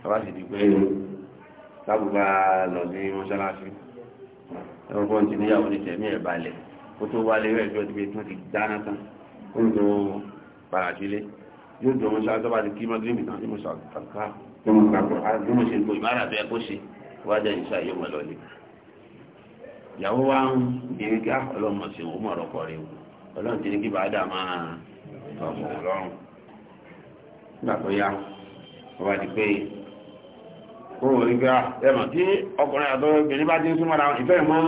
bàbá sì di pé sábùbá lọ sí mọ́ṣáláṣí ẹgbọ́n ti níyàwó ní tẹ̀mí ẹ̀ balẹ̀ kó tó wálé rẹ̀ tó ti pé tó ti dáná tán ó ń tó paràjílé yóò dùn ọmọ sáà tó bá ti kí mọ́gírìmì náà ní mọ́ṣáláṣí kàkà tó mọ́ kàkọ́ àti mọ́ṣẹ́ kó ìbára bẹ́ẹ̀ kó ṣe wájà ìṣàyẹ̀wò lọ́lẹ̀ ìyàwó wa ń bèèrè kí ọlọ́mọ sí òun mọ̀ ọ̀rọ̀kọ̀ rẹ̀ ọlọ́run ti ní kí bàá dà máa ọ̀pọ̀ ọlọ́run nígbà tó yá ọba ti pé ó rí gbá ah, ẹmọ̀ tí ọkùnrin àtọ́ obìnrin bá ti ń súnmọ́ra ìfẹ́ ìmọ̀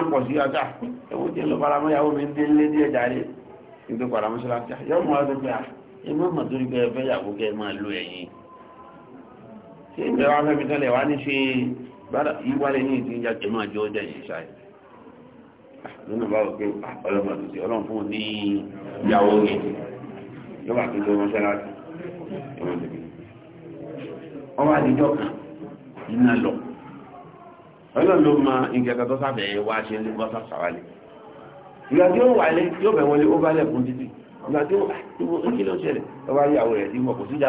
ń pọ̀ sí ọjà ẹwọ́n tí ń lọ bára mọ́yàwó mi ń dé lé díẹ̀ jáde nítorí padà mọ́ṣáláṣí ah, ah, yọ bára ìwálẹ̀ ní ìdí ìjà jẹ́ máa jọ ọjà yìí ṣáà lónà bá wọ́n pé ah, ọlọ́mọdé sí ọlọ́run fún ní ìyàwó rẹ̀ yóò bá tó mọ́ṣáláṣí ẹ̀wọ̀n tẹ̀lé ọwọ́ àdìjọ́ kan iná lọ ọlọ́run ló ma ìgbẹ́ka tó sábẹ̀ wá ṣe ní bọ́sà sàwálẹ̀ ìgbà tí ó wálé yóò bẹ̀ wọlé ó bálẹ̀ fún títì ìgbà tí ó kí ló ṣẹlẹ̀ ọwọ́ àyàwó rẹ̀ ti mọ̀ kò sí ìjà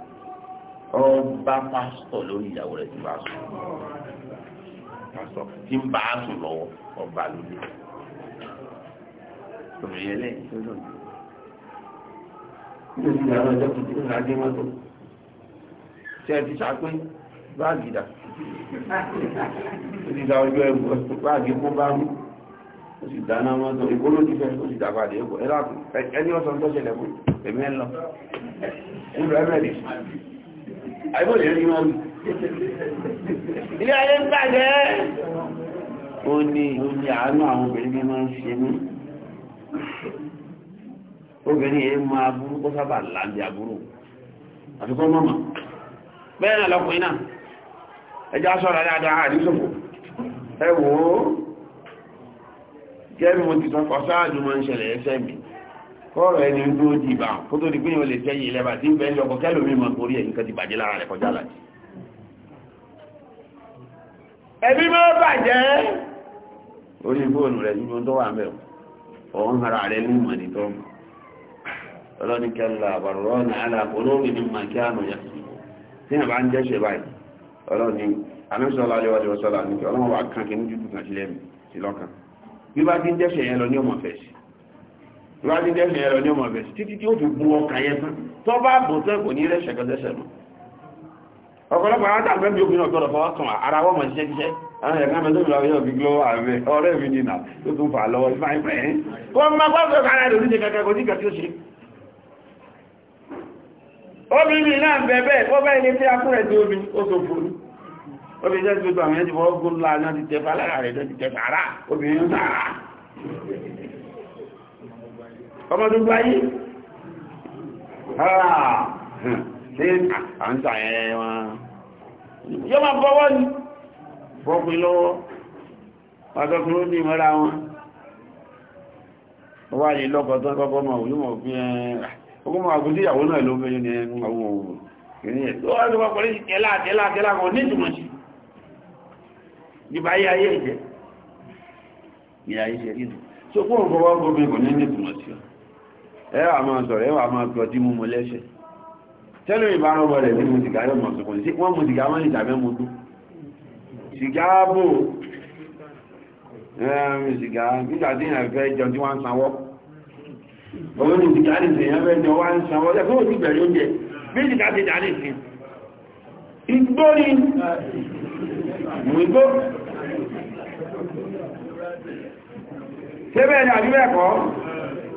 ọba pásítọ̀ lórí ìyàwó rẹ̀ ti bá sùn pásítọ̀ tí ń bá sùn lọ́wọ́ ọba lórí òrìyẹ lẹ́yìn tó lọ nítorí àwọn ọjọ́ kìí ní adé mọ́tò tí ẹ ti sàpé báàgì dà ó ti da ọjọ́ ẹ̀bù báàgì kó bá mú ó sì dáná mọ́tò èkó ló ti fẹ́ ó sì dàgbàdé ẹ̀kọ́ ẹ̀lá ẹni ọ̀sán tó ṣẹlẹ̀ fún èmi ẹ̀ lọ nílùú ẹ̀mẹ́rin àìbọ̀lẹ̀ rí wọn ilé ayé ń bàjẹ́ ó ní ìlú àánú àwọn obìnrin bí máa ń ṣe mú obìnrin yìí máa burú kó sábà láàbí àbúrò àfikọ́ mọ́mọ́ bẹ́ẹ̀ náà lọ́kùnrin náà ẹjá sọ́rọ̀ dáadáa àdísòfò ẹwọ́ jẹ́rìmọ̀ ti sọ fọ́sáàdù máa ń ṣẹlẹ̀ ẹsẹ́ mi kọ́ọ̀rọ̀ ẹni ń dúró dìbà kó tó di pé yóò lè tẹ́yìn ilẹ̀bà tí ń bẹ́ lọ́kọ̀ kẹ́lòmí mọ̀ orí ẹ̀yìn kan ti bàjẹ́ lára rẹ̀ kọjá láti ẹbí mọ́ bàjẹ́ orí fóònù rẹ̀ nínú tó wà mẹ́ ọ̀hún ara rẹ̀ ní ìmọ̀ nìtọ́ ọlọ́nikẹ́lá àbàrọ̀ ní alákòólórí ní màkíánù yà tí a bá ń jẹ́ṣẹ̀ báyìí ọlọ́ni àmẹ́sọ́lá aléwájú ọ̀sọ́lá ní ọlọ́wọ́ àkànkì ní jùlọ kan sílẹ̀ sí lọ́kàn bí bá ti ń jẹ́ṣẹ̀ yẹn lọ ní ọmọ láti dẹ́mi ẹ̀rọ ní ọmọ bẹ̀rẹ̀ títí tí ó fi bu ọkà yẹn tán tó bá bò tán kò ní rẹ̀ṣẹ̀ kẹsẹ̀ṣẹ̀ mọ́ ọ̀pọ̀lọpọ̀ àwọn àtàgbẹ́ mi òkú náà tọ́rọ̀ fọwọ́ kan ara wọ́n mọ̀ ṣiṣẹ́ ṣiṣẹ́ àwọn ẹ̀ka mẹ́tọ́ ìlú àwọn ọ̀bí gbọ́ ààrẹ ọ̀rẹ́ mi nìna tó tún fà lọ́wọ́ ìfà ìfẹ́ wọ́n máa gbọ́ sọ̀rọ̀ ara rẹ̀ oníṣe kankan kò ní kàtí ó ọmọ gbogbo ayé ṣe à ń tà ẹ̀ wọn yọ máa bọ́wọ́ ni fọ́pin lọ́wọ́ pàtàkì ó ní ìmọ́ra wọn wà ní lọ́kọ̀ tó kọ́kọ́ ma olúmọ̀ fi ọgbọ́n ma gúdí ìyàwó náà ló mẹ́yìn ní ẹgbùn àwọn òun kìí ẹ̀ tó ẹwà máa sọ̀rọ̀ ẹwà máa tọ́ tí mú mú lẹ́ṣẹ̀ tẹ́lú ìbárọ̀bọ̀ rẹ̀ tí mú sìgá yọ mọ̀ sọ̀kùn sí wọ́n mú sìgá wọ́n ìtàbẹ́ mú tó sìgá bò ẹ̀rùn sìgá nígbà tí ìyàn fẹ́ jọ tí wọ́n sanwó owó ní sìgá ní ìyàn fẹ́ jọ wọ́n sanwó lẹ́kọ́ òsì bẹ̀rẹ̀ oúnjẹ bí sìgá ti dà ní ìsìn igbó ni mú igbó ṣé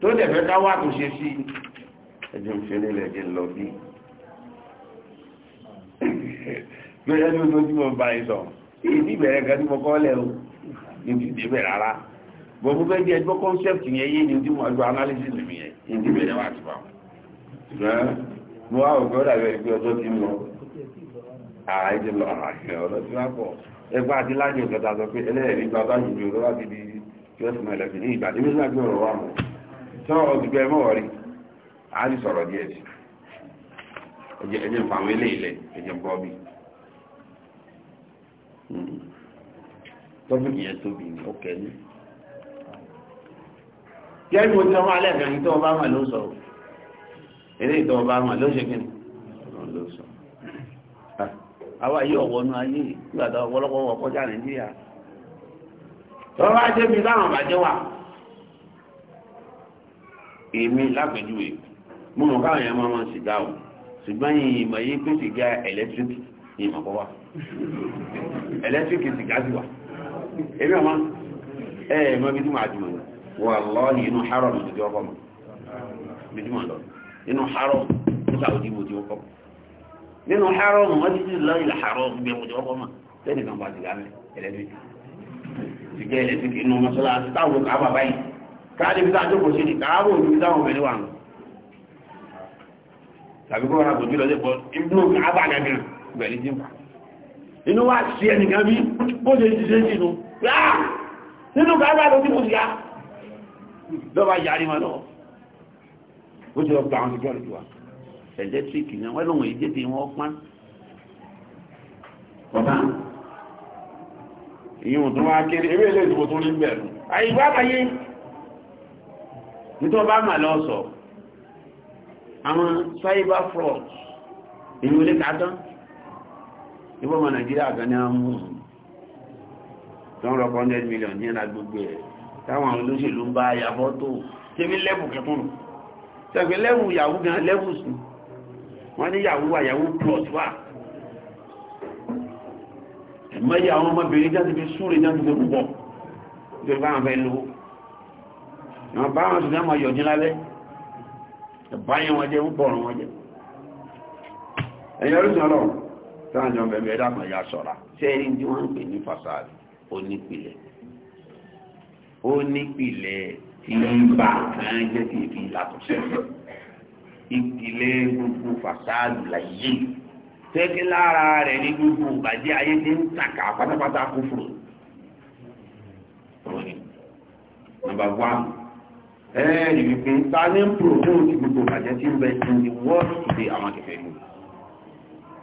tó dẹ̀ fẹ́ ká wà tó ṣe sí ẹjọ́ ń ṣe nílẹ̀ jẹ́ lọ bí lórí ẹni tó tí mo bá yìí sọ èyí tí ìbẹ̀rẹ̀ kan tí mo kọ́ lẹ̀ o ní ti dé bẹ̀rẹ̀ rárá bọ̀ mo fẹ́ jẹ́ ẹgbọ́ concept yẹn yé ni tí mo ẹgbọ́ analysis mi yẹn ní ti bẹ̀rẹ̀ wá ti bá wọn. mo wá òkè ọ̀dà bẹ̀rẹ̀ pé ọjọ́ ti ń lọ ààrẹ ti lọ ààrẹ ọ̀dọ́ ti wá pọ̀ ẹgbẹ́ àti lájẹ̀ ìkẹta sọ pé ẹlẹ́rìí bàbá yìí ni ọ̀dọ́ láti di us mile sì máa gbé ọ̀rọ̀ wà sọ̀rọ̀ gbogbo ẹmọ́ a sọ̀rọ̀ díẹ̀ sí ẹjẹ́ fún ilé ilẹ̀ ẹjẹ́ bọ́ tóbi ní ní ọmọ alẹ́ tó mà ló ìtọ́ mà ló ṣe ló sọ ọ̀wọ́nú ayé ọ̀pọ̀lọpọ̀ Nàìjíríà tọ́wọ́ mi láwọn èmi lágbẹ̀júwe mo mọ̀ káwọn èèyàn máa wọn sìgá o ṣùgbọ́n yìí ìmọ̀ yìí pé sìgá ẹ̀lẹ́tíríkì ìmọ̀ kọ́ wa ẹ̀lẹ́tíríkì sìgá sì wà èmi ọ̀ma ẹ̀ ibi tí mo àjùmọ̀ wà lọ́ọ̀lì inú hárọ̀ mi ti di ọkọ̀ mọ̀ tí mo lọ inú ti nínú wọ́n ti ti mi mo ti sìgá mi ẹ̀lẹ́tíríkì sìgá ẹ̀lẹ́tíríkì káàdì bí sáàjò kò sí ní káàbò òbí sáwọn obìnrin wà nù tàbí kọ́ ra bòjú lọ́dẹ̀ bọ́ inú káàbà gẹ́gẹ́ bẹ̀rẹ̀ jí mú inú wá sí ẹnìkan bí ó ṣe ti ṣe sí inú nínú káàbà ló tí mo sì yá lọ́ba yàrí ma náà ó ti lọ gba àwọn ìjọ ìjọ ẹ̀lẹ́tíríkì náà wọ́n lóun èdè tí wọ́n pán ọ̀tá ìyún tó wá kéré ewé ilé ìdìbò tó rí bẹ̀rù àyíká àyè nítorí bá mà lọ sọ àwọn cyber fraud èyí olè kàtán ìwọ́n ọmọ nàìjíríà gan ní àmú tọ́rọ 100 million ní ẹ̀nà gbogbo ẹ̀ táwọn olóṣèlú ń bá yàfọ́ tó tẹ́bí lẹ́bù kẹtùnù tẹ́bí lẹ́bù yàwó gan lẹ́bù sí wọ́n ní yàwó wà yàwó plus wà ẹ̀mọ́ àwọn ọmọbìnrin jáde fi súre jáde fi púpọ̀ nítorí báwọn fẹ́ lówó àwọn bá wọn ṣùgbọ́n mọ̀ yọ̀dín lálẹ́ ẹ̀báyẹ̀ wọn jẹ́ púpọ̀ ọ̀rọ̀ wọn jẹ́ ẹ̀yẹ orísun ọlọ́run sáàjọ bẹ̀bẹ̀ ẹ̀dàkùn ẹ̀yà sọ̀ra ṣe rí tí wọ́n ń pè ní fasadi onípìlẹ̀ onípìlẹ̀ tí ń bá kan jẹ́ kí fi ìlàtọ̀sẹ̀ ìpìlẹ̀ gbogbo fasadi láyé tẹ́kí lára rẹ̀ ní gbogbo ìbàjẹ́ ayé ti ń tàkà pátápátá kúfùrù. Number one ẹ̀rì wípé ta ní ń pòròpó ti gbogbo bàjẹ́ tí ń bẹ tí ní wọ́n ìdè àwọn kẹfẹ́ mú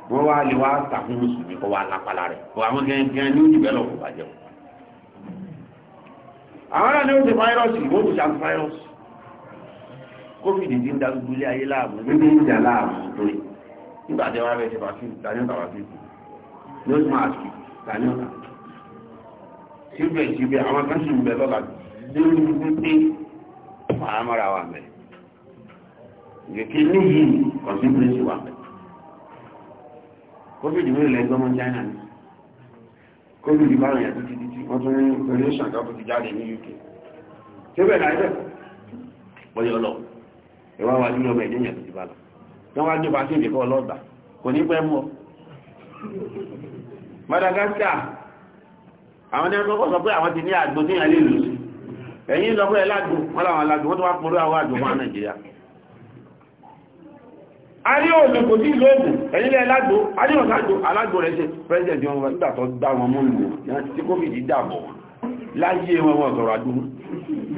wọ́n wá lè wá tàkún mùsùlùmí kọ́ wá lápálá rẹ̀ kọ́ àwọn gẹ́gẹ́ ní òjì bẹ́lọ̀ kò bàjẹ́ àwọn náà ní ó ti fáírọ́ọ̀sì ó ti ṣàkó fáírọ́ọ̀sì covid ti ń da gbogbo ilé ayé láàmú níbi ìjà láàmú lórí nígbà tí wọ́n fẹ́ ṣe vaccine tani ọ̀tà vaccine ní ó ti máa sùn tani ọ̀tà síbẹ̀síbẹ̀ àwọn kan sì ń bẹ lọ́la lórí wípé mùsàlámọ́ra wà mẹ́ ìgbèké ní yìí kọ̀sípírẹ́sì wà mẹ́ covid mélòó lẹ́gbẹ́ ọmọ China ní covid báwọn yàtọ̀ títí tí wọ́n tún ní relation tó ti jáde ní UK tí ó bẹ̀ láì bẹ̀ pọ̀yọ̀ lọ wà nílò ọmọ ẹ̀dẹ́yìn àti ti ẹ̀yìn lọ pẹ́ ládùn wọ́n láwọn aládùn wọ́n tó wá pọ̀lú àwọn àdùn wọn nàìjíríà a rí òògùn kò tí lóògùn ẹ̀yìn lẹ́ ládùn a rí òògùn aládùn rẹ̀ ṣe president wọn wọ́n nígbà tó dá wọn mú lò tí covid dàbọ̀ láyé wọn wọn sọ̀rọ̀ àdúrú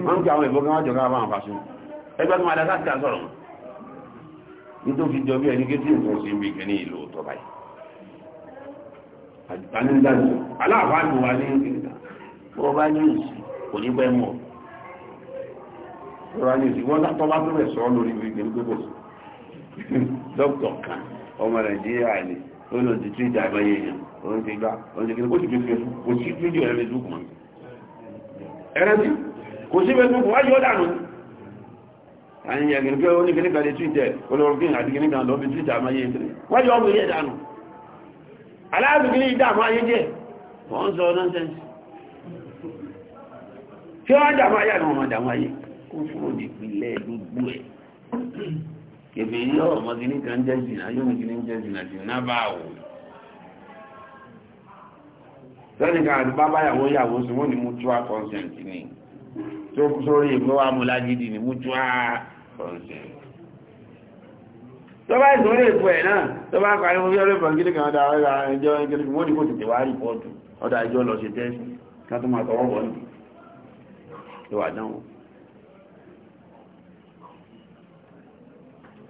wọ́n ń pè àwọn ìbọn kan wájọ káwọn àwọn fàṣọ ẹgbẹ́ ní ìlú ọ̀tọ̀ wa ní ìgbìyànjú ọba ní ìsìn kò ní bẹ́ẹ̀ rọra ní ìsìn wọ́n tó bá tó bẹ̀ sọ lórí gbígbé gbogbo dókítà kan ọmọ nàìjíríà ni ó lọ ti tún ìjà àgbáyé yẹn òun ti gbá òun ti kìí kó sì fi fi kò sí fídíò ẹ̀rẹ́ facebook mọ́ ẹ̀rẹ́ sí kò sí facebook wáyé ó dànù àyìn yẹn kìí ó ní kìí kàdé twitter olórúkìn àti kìí kàn lọ́bí twitter àmáyé ìtìrì wáyé ọmọ ilé dànù aláàbìkìí ìdààmú ayé jẹ́ wọ́n sọ nonsense kí wọ́n dàmú ayé àwọn ayé kófúrò nípìnlẹ̀ gbogbo ẹ̀ kèbè yọ ọmọdéní kan jẹ́ jìnà yóòmìdíní jẹ́ jìnà jìnà bá wò lẹ́nìkan àti bábá yàwó yàwó sí wọ́n ní mutual consent ni tó sórí ìgbé wa mú lágídí ní mutual consent tó bá ìsòrí èkó ẹ̀ náà tó bá parí mú yọ́rọ̀ ìbọ̀ngídí kan ọ̀dà ọ̀dà ẹjọ́ ìgbẹ́lẹ̀ wọ́n ní kò tètè wá rìpọ́ọ̀tù ọ̀dà ẹjọ́ lọ ṣe tẹ́sì ká máa tọwọ́ wọ́n ní ìwà dánwò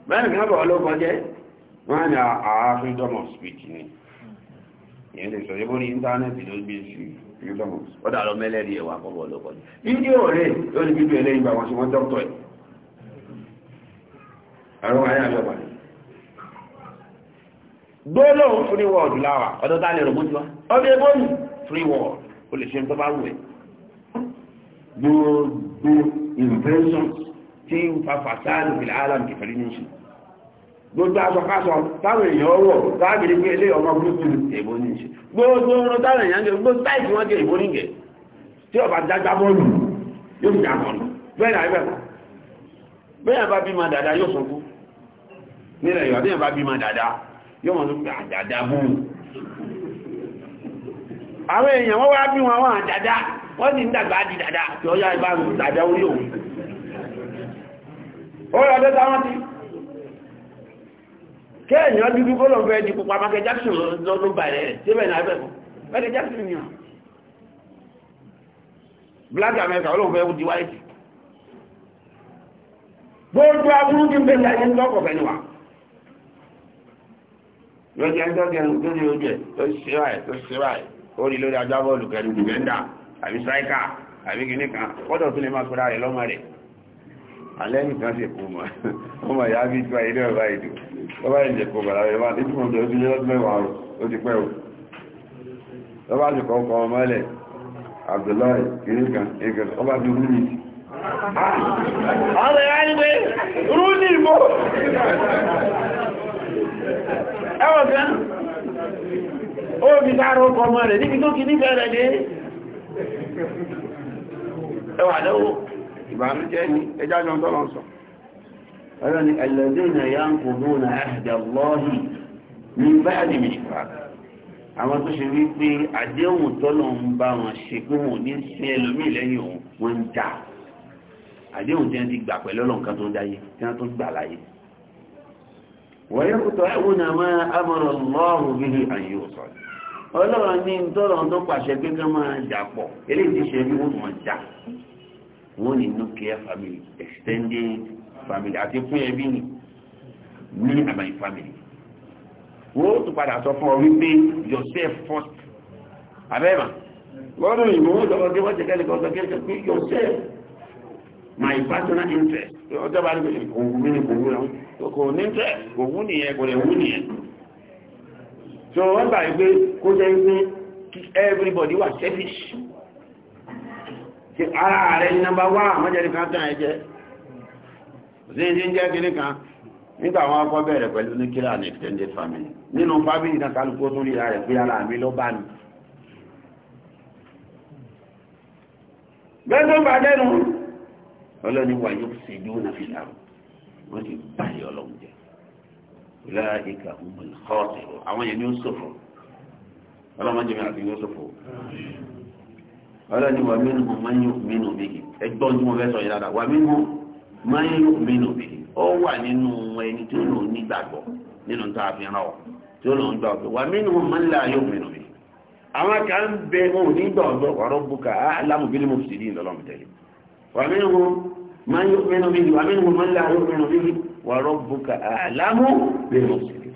bẹ́ẹ̀ kan bọ̀ ló kọjẹ́ wọ́n ni àà freedom of speech ni ìyẹn lè sọ yẹ́ bórí íńtánẹ́ẹ̀tì ló gbé sí freedom of speech ọ̀dà lọ mẹ́lẹ́rí ẹ̀wà kọ́bọ̀ ló kọjẹ́ fídíò rẹ̀ ló ní fídíò ẹlẹ́yìn bá wọn sí wọ́n dọ́kítọ̀ ẹ̀ ẹ̀rọ ayé àjọba gbólóhùn free world láwà ọdọ́ tá lè rògbò tiwa ọdẹ bóyì free world ó lè ṣe ń tọ́ bá gbogbo inventions tí ń fa fasádù ìlà alam kìfẹ́lẹ́ ní ṣe gbogbo aṣọkáṣọ táwọn èèyàn wọ̀ táàbìrí pé ilé ọmọ burúkú èbó ní ṣe gbogbo oorun táwọn èèyàn jẹ gbogbo táìsì wọn jẹ èbó nígẹ tí ọba dájá bọ́ọ̀lù yóò fi dàgbọ̀n bẹ́ẹ̀ kéèyàn dúdú kó lọ́n fẹ́ di pupa Michael Jackson lọ́dún bàrẹ̀ rẹ̀ síbẹ̀ ní abẹ́ fún Michael Jackson ni wọn Black America olóhùn fẹ́ di white gbogbo aburú ti ń bẹ láyé ń lọ́kọ̀ fẹ́ ni wa lọ́jọ́ ń tọ́jú ẹnu tó ní ojú ẹ̀ tó ṣíra ẹ̀ tó ṣíra ẹ̀ ó rí lórí ajá bọ́ọ̀lù kẹrin dìbẹ́ndà àbí sáíkà àbí kìíní kan kọ́dọ̀ tó lè máa pẹ́ra rẹ̀ lọ́mọ rẹ̀ alẹ́ nìkan sì kú ọmọ ìyá bí tí wáyé lọ́ọ̀ báyìí lọ́wọ́ ẹ̀jẹ̀ kò bàrà rẹ̀ Abdullahi kìrìkan ẹgbẹ̀ ọba ti rú ní ah! ọ̀rẹ́ ẹgbẹ́ rú ní ìmọ̀ ẹwọ̀n kan ó bí sáàrọ̀ ọmọ rẹ̀ níbi tó kì ní bẹ̀rẹ̀ ní ẹwà ìbànújẹ́ ẹjá jọ ọ̀rọ̀ ni alladhina yanquduna ahda Allahi min ba'di mithaqi àwọn tó ṣe wí pé àdéhùn tọ́lọ̀ ń bá wọn ṣe pé wọn ò ní sí ẹlòmíì lẹ́yìn òun wọn ń jà àdéhùn tí wọ́n ti gbà pẹ̀lú ọlọ́nkan tó dáyé tí wọ́n tó gbà láyé wa yaqta'una ma amara Allahu bihi an yusal ọlọ́run ní tọ́lọ̀ tó pàṣẹ pé kí wọ́n máa jà pọ̀ eléyìí ti ṣe bí wọ́n máa jà wọ́n ní nuclear family extended family àti fún ẹbí ni me and my family wọ́n tún padà sọ fún ọ wípé yourself first abẹ́mà lọ́dún òyìnbó wọ́n tọ́wọ́ kí wọ́n ti kẹ́lẹ̀ kan sọ kí ẹ pé yourself my personal interest ọjọ́ bá ní pé òun mi ni kò wú kò ní interest kò wú nìyẹn kò lè wú nìyẹn so wọ́n gbà wípé kó jẹ́ wípé everybody was selfish ara rẹ̀ number one kan tán ẹ jẹ́ ṣíṣe ń jẹ́ kiri kan nígbà àwọn akọ bẹ̀rẹ̀ pẹ̀lú nuclear and extended family nínú family kan kálukú tó rí ara rẹ̀ pé ara mi ló bá ní gbẹ́gbẹ́ bá dẹ́nu ọlọ́ni wà yóò ṣe dúró náà fi láàrù wọ́n ti báyìí ọlọ́run jẹ́ láìka ọmọlẹ̀ kọ́ọ̀tẹ̀ àwọn yẹn ni ó ṣòfò ọlọ́mọdé mi àti yóò ṣòfò ọlọ́ni wà mínú mọ́ mẹ́yìn mínú mi ẹgbọ́n tí mo fẹ́ sọ yìí dáadáa wà mínú máa ń yọ mẹ́nu bí ó wà nínú ẹni tí ó lò ní nínú tó a fi ràn ọ́ tí ó lò ń gbàgbọ́ wà mẹ́nu máa ń mẹ́nu bí àwọn kan ń bẹ wọn ò ní buka alámùbílì mo sì dín lọ́lọ́mù tẹ̀lé wà mẹ́nu máa ń yọ mẹ́nu bí wà mẹ́nu máa ń mẹ́nu bí wà rọ́ buka alámùbílì mo sì dín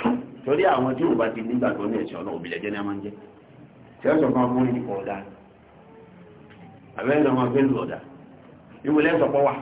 torí àwọn tí bá ti nígbàgbọ́ ní ẹ̀sìn òbílẹ̀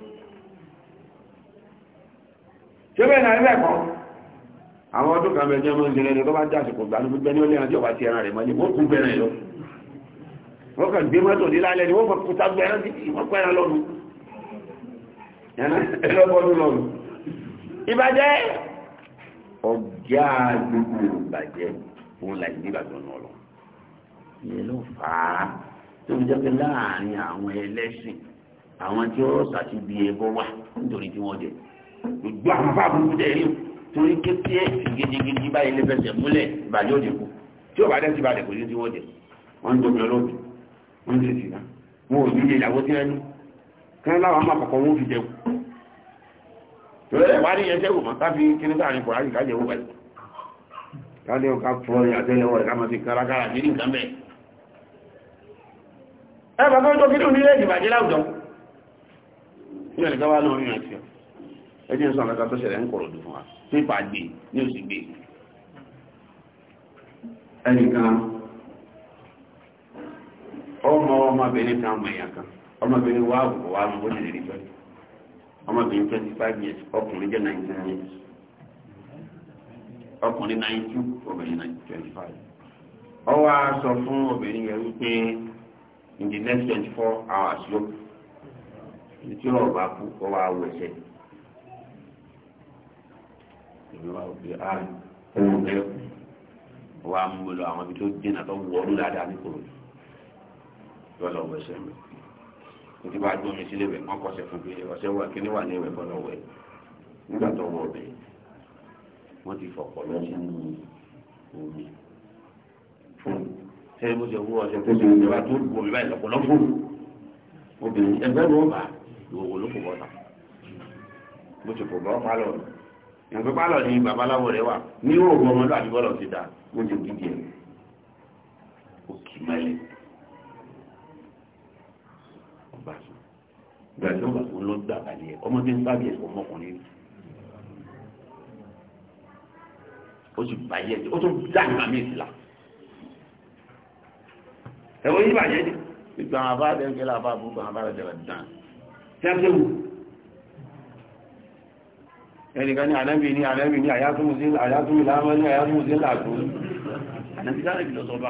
síbẹ̀ náà ilẹ̀ kan àwọn ọdún kan bẹ̀jẹ̀ mọ́ ìṣẹ̀lẹ̀ ni tó bá jásìkò gbà ní gbígbẹ́ ní ó lé àti ọ̀bá ti ẹran rẹ̀ mọ́ ní wọ́n kú bẹ̀rẹ̀ lọ wọ́n kàn gbé mọ́tò ní lálẹ́ ni wọ́n fọ́ kúta gbẹ̀rẹ̀ sí wọ́n pẹ́ran lọ́nu ẹlọ́bọ́dún lọ́nu ìbàjẹ́ ọjà gbogbo ìbàjẹ́ òun láì nígbàgbọ́ náà lọ ìyẹn ló fà á tó fi jẹ́ pé láàárín àwọn ẹlẹ́sìn àwọn tí ó sàtìbí ẹbọ wà nítorí tí wọ́n jẹ́ gbogbo àwọn bá burúkú dẹ̀ rí torí kékeré gidigidi báyìí lè fẹsẹ̀ múlẹ̀ ìbàjẹ́ òde kù tí ò bá dẹ́ ti balẹ̀ kò ní ti wọ́de wọ́n ń tóbi ọlọ́ọ̀bì wọ́n ń ṣe sìgá wọn ò ní ilé ìyàwó tí wọ́n ní kí wọ́n láwọn máa kọ̀kọ́ wọn fi jẹun lórí ẹ̀wá ní ẹsẹ̀ wò mọ́ káfí kíní sáàrin kọ̀ọ̀rá yìí kájẹ̀ wò báyìí káde ọ̀ká fọ́ ìyàtẹ́lẹ̀wọ̀ rẹ̀ káma ti kárakára ní nǹkan bẹ́ẹ̀ ẹ bàbá tó kí ní ẹjẹ́ ń sọ àkàkà tó ṣẹlẹ̀ ń kọ̀rọ̀ dùn fún wa pípa gbé ní òsì gbé ẹnìkan ọmọ ọmọbìnrin kan mọ èèyàn kan ọmọbìnrin wa àwùkọ wa mọ bóṣe lè rí ọmọbìnrin twenty five years ọkùnrin jẹ́ nineteen years ọkùnrin nineteen obìnrin twenty five ó sọ fún obìnrin yẹn wípé in the next twenty four hours yóò tí ó bá kú ó wá wọ ẹsẹ̀ ìmọ̀ràn òfin ààrẹ owó bẹ́ẹ̀ kù wà á mú lọ àwọn ibi tó dènà tó wọlú dáadáa ní kòrò yóò lọ wọ ẹsẹ̀ mi nítorí bá gbọ́ mi sílé wẹ̀ wọ́n kọ́sẹ̀ fún pé ọ̀sẹ̀ wà kí ni wà ní ìwẹ̀ fọlọ́ wẹ̀ nígbà tó wọ ọbẹ̀ wọ́n ti fọ̀pọ̀ lọ sínú omi fún ṣé mo ṣe wú ọṣẹ tó ṣe ìjọba tó gbọ́ mi báyìí lọ́pọ̀lọpọ̀ obìnrin ẹgbẹ́ mi ò yàtọ̀ pálọ̀ ni babaláwo rẹ̀ wà ní òògùn ọmọdé àti bọ́lọ̀ ti dà wọ́n ti dídì ẹ̀ ó kì í mẹ́lẹ̀ ọba ìgbà tí wọ́n bá fún ló gbà balẹ̀ ẹ̀ ọmọdé ń sábẹ̀ ẹ̀fọ́ ọmọkùnrin ó sì bàyẹ̀ ó tún dá ìgbà míì sí la ẹ̀wọ́n yìí bàyẹ̀ ni ìgbà wọn bá dẹ́ńkẹ́ la bá bú gbà wọn bá dẹ́ńkẹ́ la dán wù ẹnìkan ní ànábì ní ànábì ní àyátúmù láàmọ́ ní àyátúmù sí làtó ànábì sáàrẹ̀bì lọ sọ́bà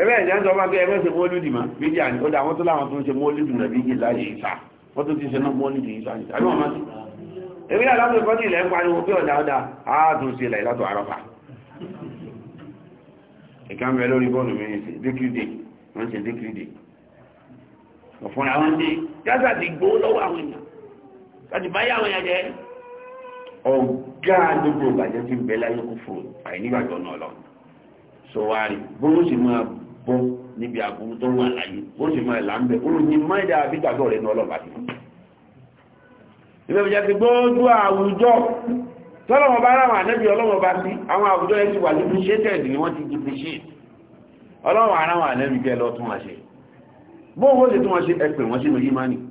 ẹgbẹ́ ẹ̀jẹ́ ń sọ́bà pé ẹgbẹ́ ṣe mọ́lúdì má méjì àní ó dá wọ́n tó láwọn tó ń ṣe mọ́lúdì rẹ̀ bí láyé ìsà wọ́n tó ti ṣe náà mọ́lúdì ìsà ìsà àbí wọ́n má sí èmi náà látò ìkọ́jú ilẹ̀ ń pariwo pé ọ̀dà ọ̀dà ààtún sí ilẹ̀ látò àrọ́fà ìkan bẹ lórí bọ́ọ̀lù mi ní láti báyà àwọn yẹn jẹ́ ọ̀gá gbogbo ìbàjẹ́ tí ń bẹ láyé kò fò àìnígbàgbọ́ náà lọ sọ wá rí bóun sì máa bọ́ níbi àbúrú tó wà láyé bóun sì máa là ń bẹ òun ni máìdá àbígbàgbọ́ rẹ̀ ní ọlọ́ọ̀bá ti fún ìbẹ̀ ìjẹ́ ti gbóòdú àwùjọ tọ́lọ́wọ́ bá ráwọn ànẹ́bí ọlọ́wọ́ bá sí àwọn àwùjọ ẹ̀ ti wà ní appreciated ni wọ́n ti depreciate ọlọ́wọ́ àráwọn ànẹ́bí kẹ́ lọ tún wọ́n ṣe bóun ó sì tún wọ́n ṣe ẹ̀pẹ̀ wọ́n sínú yímánì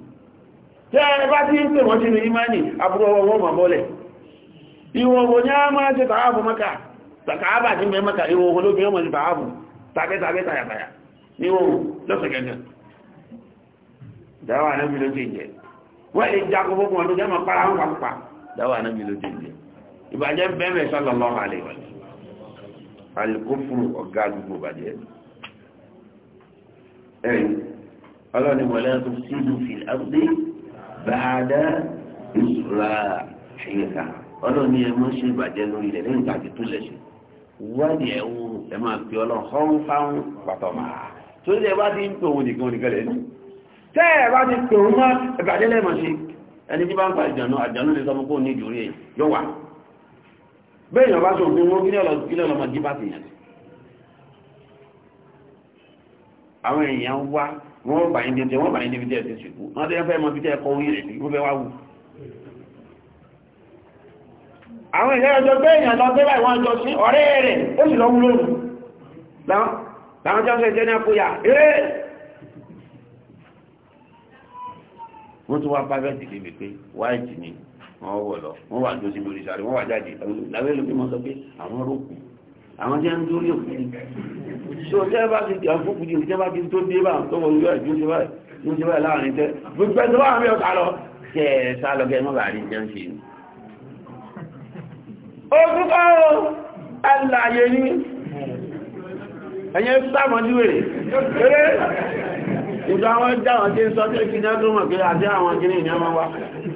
tẹ́ ẹ bá tí ń pè wọ́n sínú imani àbúrọwọ́ wọ́n mọ̀ bọ́lẹ̀ ìwọ̀n wo ní a máa ṣe tààbù maka tààbà tí mẹ́ maka ìwọ̀n wo lóbi ọmọ sí tààbù tàbẹ́tàbẹ́ tàyàtàyà níwọ̀n lọ́sẹ̀ gẹ́gẹ́ dáwà anábì ló ti jẹ wọ́n lè já gbogbo ọdún jẹ́ mọ̀ para àbúdé bàdá ìṣúra ṣèyíká ọlọ́run ní ẹ mọ́ ṣe ìbàjẹ́ lórí ilẹ̀ lẹ́yìn tàbí tó lẹ̀ ṣe wádìí ẹ̀ wò ẹ máa fi ọlọ́run họ́n fáwọn pàtó máa tó lè bá ti ń pè òun nìkan nìkan lẹ́nu tẹ́ ẹ bá ti pè òun mọ́ ìbàjẹ́ lẹ́mọ̀ ṣe ẹni tí bá ń pa ìjànú àjànú lè sọ fún ní ìjòrí ẹ̀ yóò bẹ́ẹ̀ yàn bá ṣe òfin wọn kílẹ̀ ọlọ́mọ jí wọ́n bá yín débi tẹ́ wọ́n bá yín débi tẹ́ ẹ̀ ti ṣùkú wọ́n tẹ́ fẹ́ mọ́ bí tẹ́ ẹ̀kọ́ orí rẹ̀ ní wọ́n fẹ́ wá wù. àwọn ìṣẹ́ ọjọ́ pé èèyàn lọ bẹ́ẹ̀ láì wọ́n jọ sí ọ̀rẹ́ rẹ̀ ó sì lọ́wọ́ lóru láwọn tí wọ́n fẹ́ jẹ́ ní àkóyà eré wọ́n tún wá pàfẹ́tì débi pé wáìtì ni wọ́n wọ̀ lọ wọ́n wà jó sí mi oríṣàrí wọ́n wà jáde àwọn jẹ́ ń dúró ní òkú tó jẹ́ bá ti jẹ́ fún kùdí òjẹ́ bá ti tó dé bá tó wọ́n yóò ẹ̀jú tó ṣe báyìí láàrin tẹ́ gbogbo ẹ̀sọ́ wà mí ọ̀tá lọ kẹ́ ẹ̀ sá lọ gẹ́ mọ́bà rí jẹ́ ń ṣe ní. ojú kọ́ ọ alàyè ní ẹ̀yẹ sàmọ́dúwèrè eré ìjọ àwọn jáwọn tí ń sọ tí ó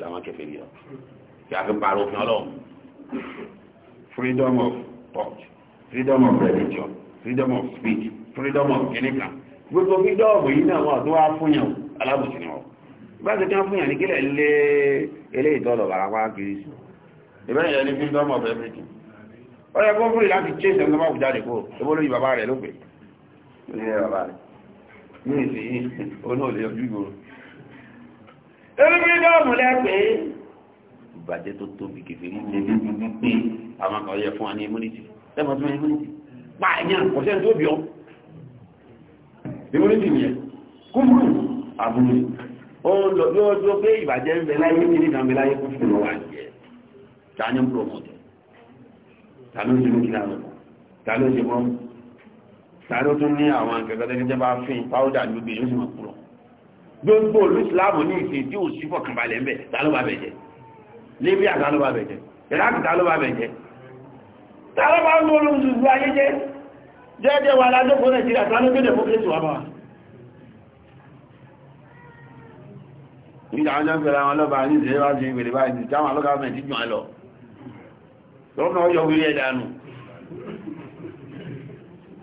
ju àwọn kèfèrí lọ kí a fi pààrọ̀ òfin ọlọ́run freedom of thought freedom of religion freedom of speech freedom of kìnìkan gbogbo freedom yìí náà wọ́n tó wá fún yàn alábòsí ni wọ́n bá ti kán fún yàn ní kílẹ̀ lé ilé ìtọ́lọ̀ barapá kiri sí ìbẹ́rẹ̀ yẹn ní freedom of everything ó kó fún ìlànà chase ẹ̀mọ́ àwùjá rẹ̀ kó ewó lóyìn bàbá rẹ̀ lópe ní ìsìn yìí ó náà lè ojú ìgboro torí fírídọ́ọ̀mù lẹ́pẹ́ ìbàjẹ́ tó tóbi kèfè ní tẹ́lẹ̀ pé àwọn kan yẹ fún wa ní immunity lẹ́mọ̀ tó ní immunity pa ẹ̀yàn kò sẹ́ni tó bí ọ immunity ni ẹ kúrú àbúrú ó ń lọ yóò tó pé ìbàjẹ́ ń bẹ láyé kí ní ìdá ń bẹ láyé kó fún wa jẹ mú kí gbogbo olú ìsìláàmù ní ìsìn tí ò sí fọkànbalẹ̀ ń bẹ̀ ta ló bá bẹ̀ jẹ́ libya ta ló bá bẹ̀ jẹ́ iraq ta ló bá bẹ̀ jẹ́ ta ló bá ń bọ́ olóhùn ṣùgbọ́n ayé jẹ́ jẹ́jẹ́ wa aládókò nàìjíríà ta ló gbé democracy wà bá wa. nígbà wọn jẹ́ ń pẹ̀lú àwọn ọlọ́ba ní ìṣẹ́lẹ̀ wájú ìgbèrè báyìí ní táwọn ọlọ́ka mẹ́tì jù wọn lọ lọ́nà ọjọ́ wílé ẹ̀dánù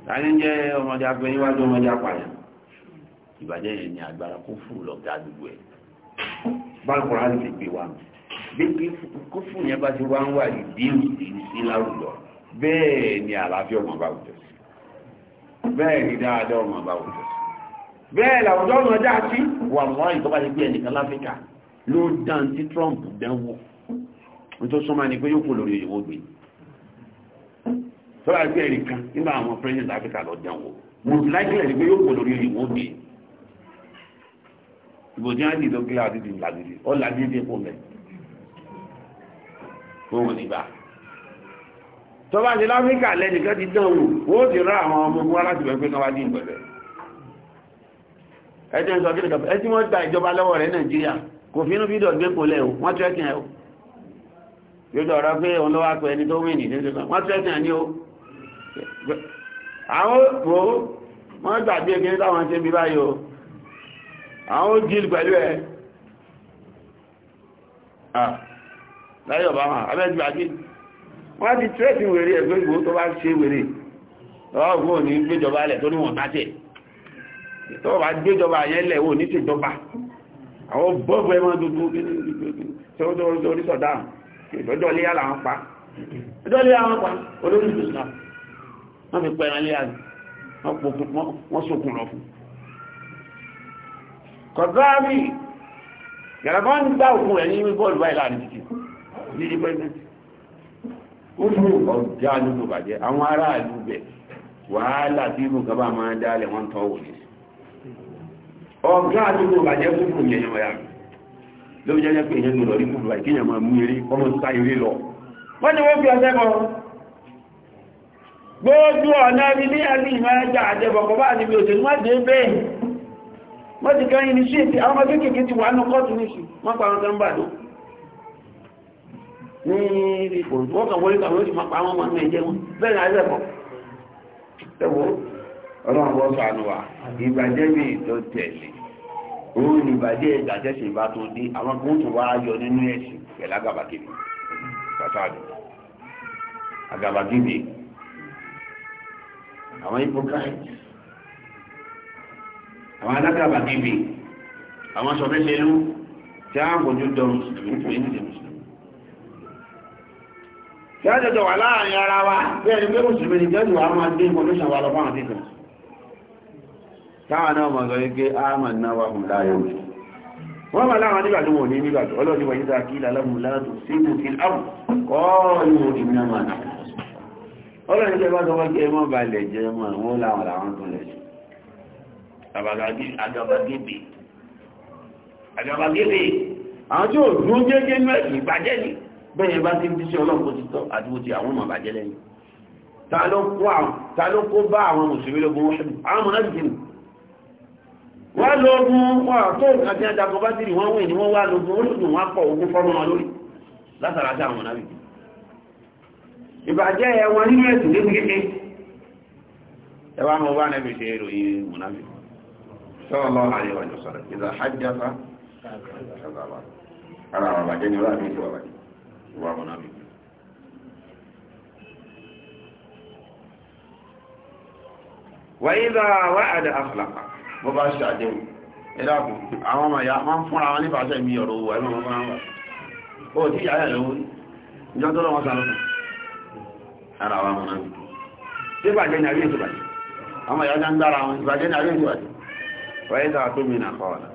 ta ní jẹ́ ọmọdé apẹ́ ọmọdé apàyàn ìbàjẹ́ yẹn ni agbára kó fún lọ́gá gbogbo ẹ̀ bákùnrin á lè gbé wa bí kó fún yẹn bá ti wá ń wà ìdí ìdí sí láwùjọ bẹ́ẹ̀ ni àlàáfíà ọmọ bá wùjọ sí bẹ́ẹ̀ ni dáadáa ọmọ bá wùjọ sí bẹ́ẹ̀ làwùjọ ọmọ dá sí wà wọ́n ìtọ́ka ti gbé ẹnìkan láfíríkà ló dán tí Trump dánwò nítorí súnmọ́ ni pé yóò kó lórí ìwọ́ gbé tọ́lá gbé ẹnìkan nígbà àwọn president Africa lọ dánwò most likely ni pé yóò kó lórí ìwọ́ gbé ìbòjú á dìdó kílá àdìdì làdìdì ó làdìdì kò mẹ́ òun nígbà tọ́ba ṣe láfíríkà lẹ́nìkan ti dán wò ó ti rá àwọn ọmọ ogun aláti bẹ̀ pé káwá dín pẹ̀lẹ́ ẹjọ́ ń sọ kí nìkan ẹtí wọ́n gba ìjọba lọ́wọ́ rẹ̀ nàìjíríà kò fínú fídọ̀ gbé kò lẹ́ o wọ́n tẹ́tì ẹ̀ o yóò ọ̀rọ̀ pé òun lọ́wọ́ pẹ̀ ẹni tó wí nìyí ṣe wọ́n tẹ́tì ẹ̀ ní o àwọn òpó wọ́n gbàgbé kí ní táwọn ṣe bí o àwọn jíl pẹ̀lú ẹ̀ láyé ọba hàn abẹ́jú àjí wọ́n ti tírẹ́sì wèrè ẹ̀gbẹ́ ìgbò tó bá ṣe wèrè ọwọ́ ògbò ní gbéjọba alẹ̀ tó níwọ̀n tàtẹ̀ tó bá gbéjọba yẹn lẹ̀ wò ní tìjọba àwọn bọ́ọ̀bù ẹmọ dúdú orí sọ̀dá ìjọjọ́ ilé yàrá wọn pa ìjọjọ́ ilé yàrá wọn pa olórí ìjọsìn náà wọ́n fi pẹ̀rẹ̀ ilé yàrá wọn sókun lọ fún un kọ̀dọ́rì gàràbọ́ ń gbá òkun rẹ̀ ní bọ́ọ̀lù báyìí láàrin títì dídí pẹ́ẹ́nẹ́tì ó fún nínú bàjẹ́ àwọn aráàlú bẹ̀ wàhálà tí irú kan máa dálẹ̀ wọ́n tọ́ wò ní nínú bàjẹ́ fúnfún pé ìyẹn lọ rí fúnfún kíyàn máa mú eré lọ wọ́n wọ́n fi gbogbo ọ̀nà ní ìmọ̀ ẹja àjẹbọ̀ kọ́ bá òṣèlú má dé wọ́n ti kẹ́rin ní ṣe ti àwọn akékèké ti wà ní kọ́tù ní ṣù wọ́n pa àwọn gánbà ló ní ilé ìfòrò wọ́n kàn wọlé kàwọn òṣìmọ̀ pa àwọn ọmọ ẹgbẹ́ jẹ́ wọn bẹ́ẹ̀ náà ẹ̀fọ́ ẹ̀wọ́ ọlọ́run bọ́ sànù wa ìbàjẹ́ mi tó tẹ̀lé òun ní ìbàjẹ́ ìdàjẹ́sì ìbá tó dé àwọn kan tó wá yọ nínú ẹ̀sìn pẹ̀lú agabagebe pàtàkì agabagebe àwọn hypocrites àwọn alágbàbà níbi àwọn sọmẹ́lẹ́lú tí a gbójú dọ mùsùlùmí fún ẹni jẹ mùsùlùmí tí a jẹjọ wà láàrin ara wa bẹ́ẹ̀ ni pé mùsùlùmí ni jẹ́jù wa máa gbé kọlọ́sàn wa lọ fún àwọn ní jẹ́ bá sọ wọ́n jẹ́ mọ́ balẹ̀ jẹ́ àwọn láwọn làwọn àgàbàgebè àgàbàgebè àwọn tí ò dúró jẹ́jẹ́ inú ẹ̀sìn ìbàjẹ́ ni bẹ́yẹn bá ti ń díṣẹ́ ọlọ́run kó ti tọ́ àti bó ti àwọn ọmọ àbàjẹ́ lẹ́yìn ta ló kó bá àwọn mùsùlùmí lógún wọ́n ṣẹ́lú àwọn ọmọ láti jìnnà wọ́n lógún wọ́n tó nǹkan tí wọ́n jagun bá tìrì wọ́n wìn ní wọ́n wá lógún ó lógún wọ́n pọ̀ ogun fọ́nà wọn lórí látara sí àwọn náà ìbàjẹ́ ẹ̀wọ̀n nínú ẹ̀sìn lé sallallahu alaihi wa sallam idha hajjata kadhaba ara wa baje ni wa mi ti wa baje wa mona bi wa idha wa'ada akhlaqa bó bá ṣe àdéhùn ẹ̀dá kù àwọn ọmọ ìyá máa ń fúnra wọn nípa àṣẹ mi ọ̀rọ̀ owó ẹ̀mọ́ fúnra wọn ó tí ìyá rẹ̀ lówó ìjọ tó lọ́wọ́ sáré fún ara wa mọ̀nà bí wọ́n dá tó mìíràn kọ́ọ̀lá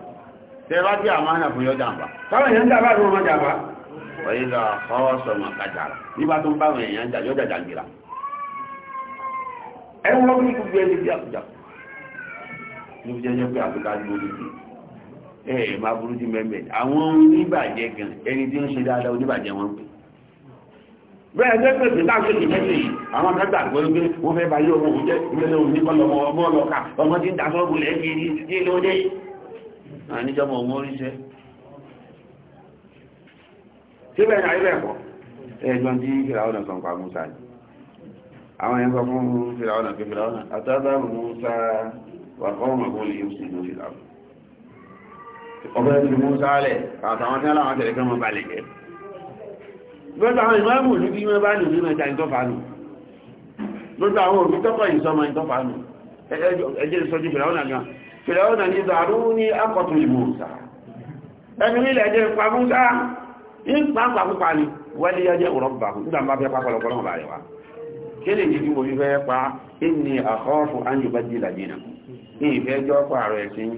tẹ́ bá tí àmánà fún yọ jàmbá táwọn èèyàn jàmbá ló jàmbá wọ́n dá kọ́ọ̀sọ̀ mọ̀ kájàrà nígbà tó ń bá àwọn èèyàn jàjọ́ jàjà gbìrà ẹ̀wọ̀n bẹ́ẹ̀ jẹ́ pèsè láàrín ìmẹ́sì àwọn akẹ́gbà gbọ́gbé wọ́n fẹ́ báyé ọmọ òun jẹ́ ìmẹ́lẹ̀ òun nípa lọmọ ọmọ ọlọ́ka ọmọ tí ń da sọ́ọ̀bù lẹ́gbẹ̀ẹ́rí lọ́dọ̀ àwọn ìmọ́mù ní bí wọ́n bá lè nínú ẹja ìtọ́fàánù lọ́dọ̀ àwọn òbí tọ́kọ̀ ìsọmọ ìtọ́fàánù ẹjẹ́ ìsọjú fìlàwọ́nà gan fìlàwọ́nà ní ìdàrú ní akọ̀tù ìmọ̀ọ̀sà ẹni nílẹ̀ ẹjẹ́ ìpamúsá ìpapàpúpa ni wọ́n lè yájẹ́ òrọ̀bà nígbà bá fẹ́ pápọ̀lọpọ̀lọpọ̀ bá rẹ̀ wá kílè ní bí mo fi fẹ́ pa inni àkọ́ọ̀fù ányùbájí làdínà ní ìfẹ́ jọ́ pààrọ̀ ẹ̀sìn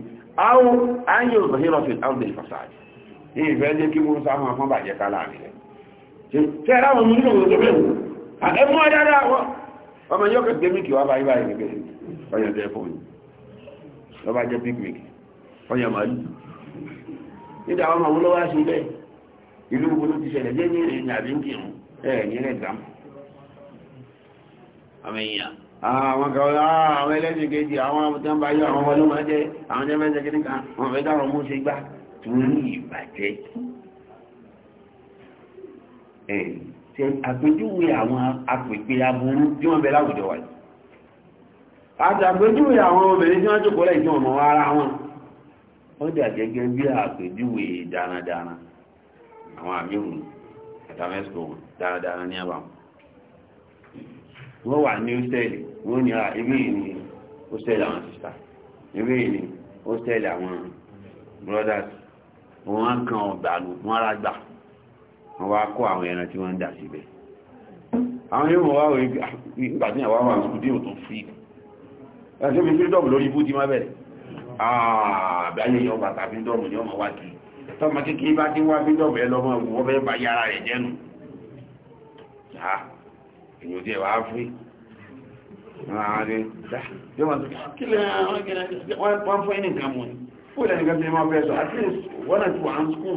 áwọ̀ ányùbájí rọ̀fìn áwọ̀ ìfàsáàjì ní ìfẹ́ jẹ́ kí mo sáwọn afọ́nbàjẹ́ ká láàrin rẹ̀ tẹ́ra wọn mú nínú òṣèlú bẹ́ẹ̀ ẹmú ọ̀dára wọn ọmọ yóò kẹ́ gbẹ́mìkì wá báyìí báyìí gẹ́gẹ́ sí ọyàn jẹ́ fún mi lọ́ba jẹ́ picnic ọyàn màálù nígbà wọn àwọn olówó aṣọ bẹ́ẹ̀ ìlú gbogbo ló ti ṣẹlẹ̀ jẹ́ ní ìrìn àbí ń kírun ẹ̀ ní ilẹ̀ ìdámù àwọn èèyàn àwọn kan àwọn ẹlẹ́sìn kejì àwọn amútán bá yọ àwọn ọmọ ló máa jẹ́ àwọn jẹ́ mẹ́sẹ̀ kìnnìkan wọn fẹ́ dáwọn mú ṣe gbá torí ìbàjẹ́ ṣe àpèjúwe àwọn apèpè aburú tí wọ́n bẹ láwùjọ wáyé àtàpèjúwe àwọn obìnrin tí wọ́n jókòó lẹ́yìn tí wọ́n mọ̀ ara wọn ó dà gẹ́gẹ́ bí àpèjúwe dáradára àwọn àmìhùn àtàmẹ́sìkò wọn dáradára ní àbáwọn wọ́n wà ní hóstẹ́ẹ̀lì wọ́n ní ara ibi ìní hóstẹ́ẹ̀lì àwọn sísá ibi ìní hóstẹ́ẹ̀lì àwọn brothers wọ́n kan ọ̀gbà lù wọ́n ara gbà wọ́n wá kó àwọn ẹran tí wọ́n ń dà síbẹ̀ àwọn yóò wá wọ́n ah, nígbà tí àwọn àwọn àsìkò díò tó fi ẹ̀ṣẹ́ mi fírídọ̀mù lórí ibú ti má bẹ̀rẹ̀ àbáyé ah, yọ bàtà fírídọ̀mù ni ọmọ wá kí tọ́mọ kékeré bá ti wá fírídọ̀mù ẹ lọ́mọ ẹ̀wọ̀n wọ́n bẹ́ẹ̀ bá yára rẹ̀ jẹ́nu ah, èyí ò tí ẹ wá fún wọ́n fún ẹnìkan mú ni fún ìlànìkan tí wọ́n fẹ́ sọ at least one or two and school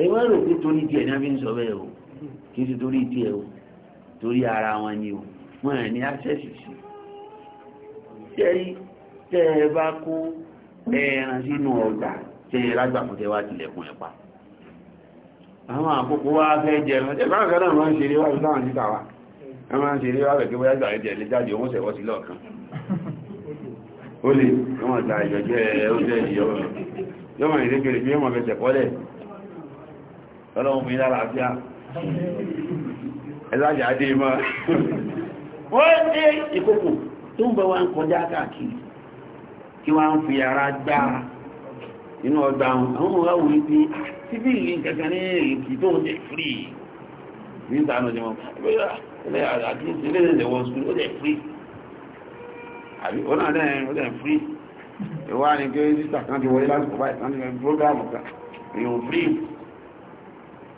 èyí wọ́n rò pé torí tiẹ̀ ní wọ́n fi ń sọ bẹ́ẹ̀ o kì í ṣe torí tiẹ̀ o torí ara wọn ni o wọ́n ẹ̀ ní access sí tẹ́rí tẹ́ ẹ bá kó ẹran sínú ọgbà tẹ́ ẹ lágbàkùn tẹ́ wá tilẹ̀kùn ẹ̀ pa àwọn àkókò wá fẹ́ jẹ ẹran tẹ́ bá kan náà máa ń ṣeré wá sí táwọn síta wa ẹ máa ń ṣeré wá bẹ̀ bóyá gbà ẹ̀ tẹ̀lé òun ṣẹ̀wọ́ sí lọ́ọ̀kan ó lè wọ́n ta ìyọ̀jẹ́ ó jẹ́ ìyọ̀ ọlọ́run fún ìdára àti ẹ̀lájà adé mọ́ wọ́n dé ìkòkò tó ń bẹ wá ń kọjá káàkiri kí wọ́n ń fi ara gbá inú ọgbà àwọn ọmọ wáwò ní pé síbìlì ah, kankan ní èkì tó ń jẹ fírí ní ìtànà ìjọba ẹgbẹ́ àdúgbò ilé ìdẹ̀wọ̀n sùn ó jẹ fírí àbí ó náà dẹ́rin ó dẹ́rin fírí ìwá ni kí ó yí sísà kan ti wọlé lásìkò báyìí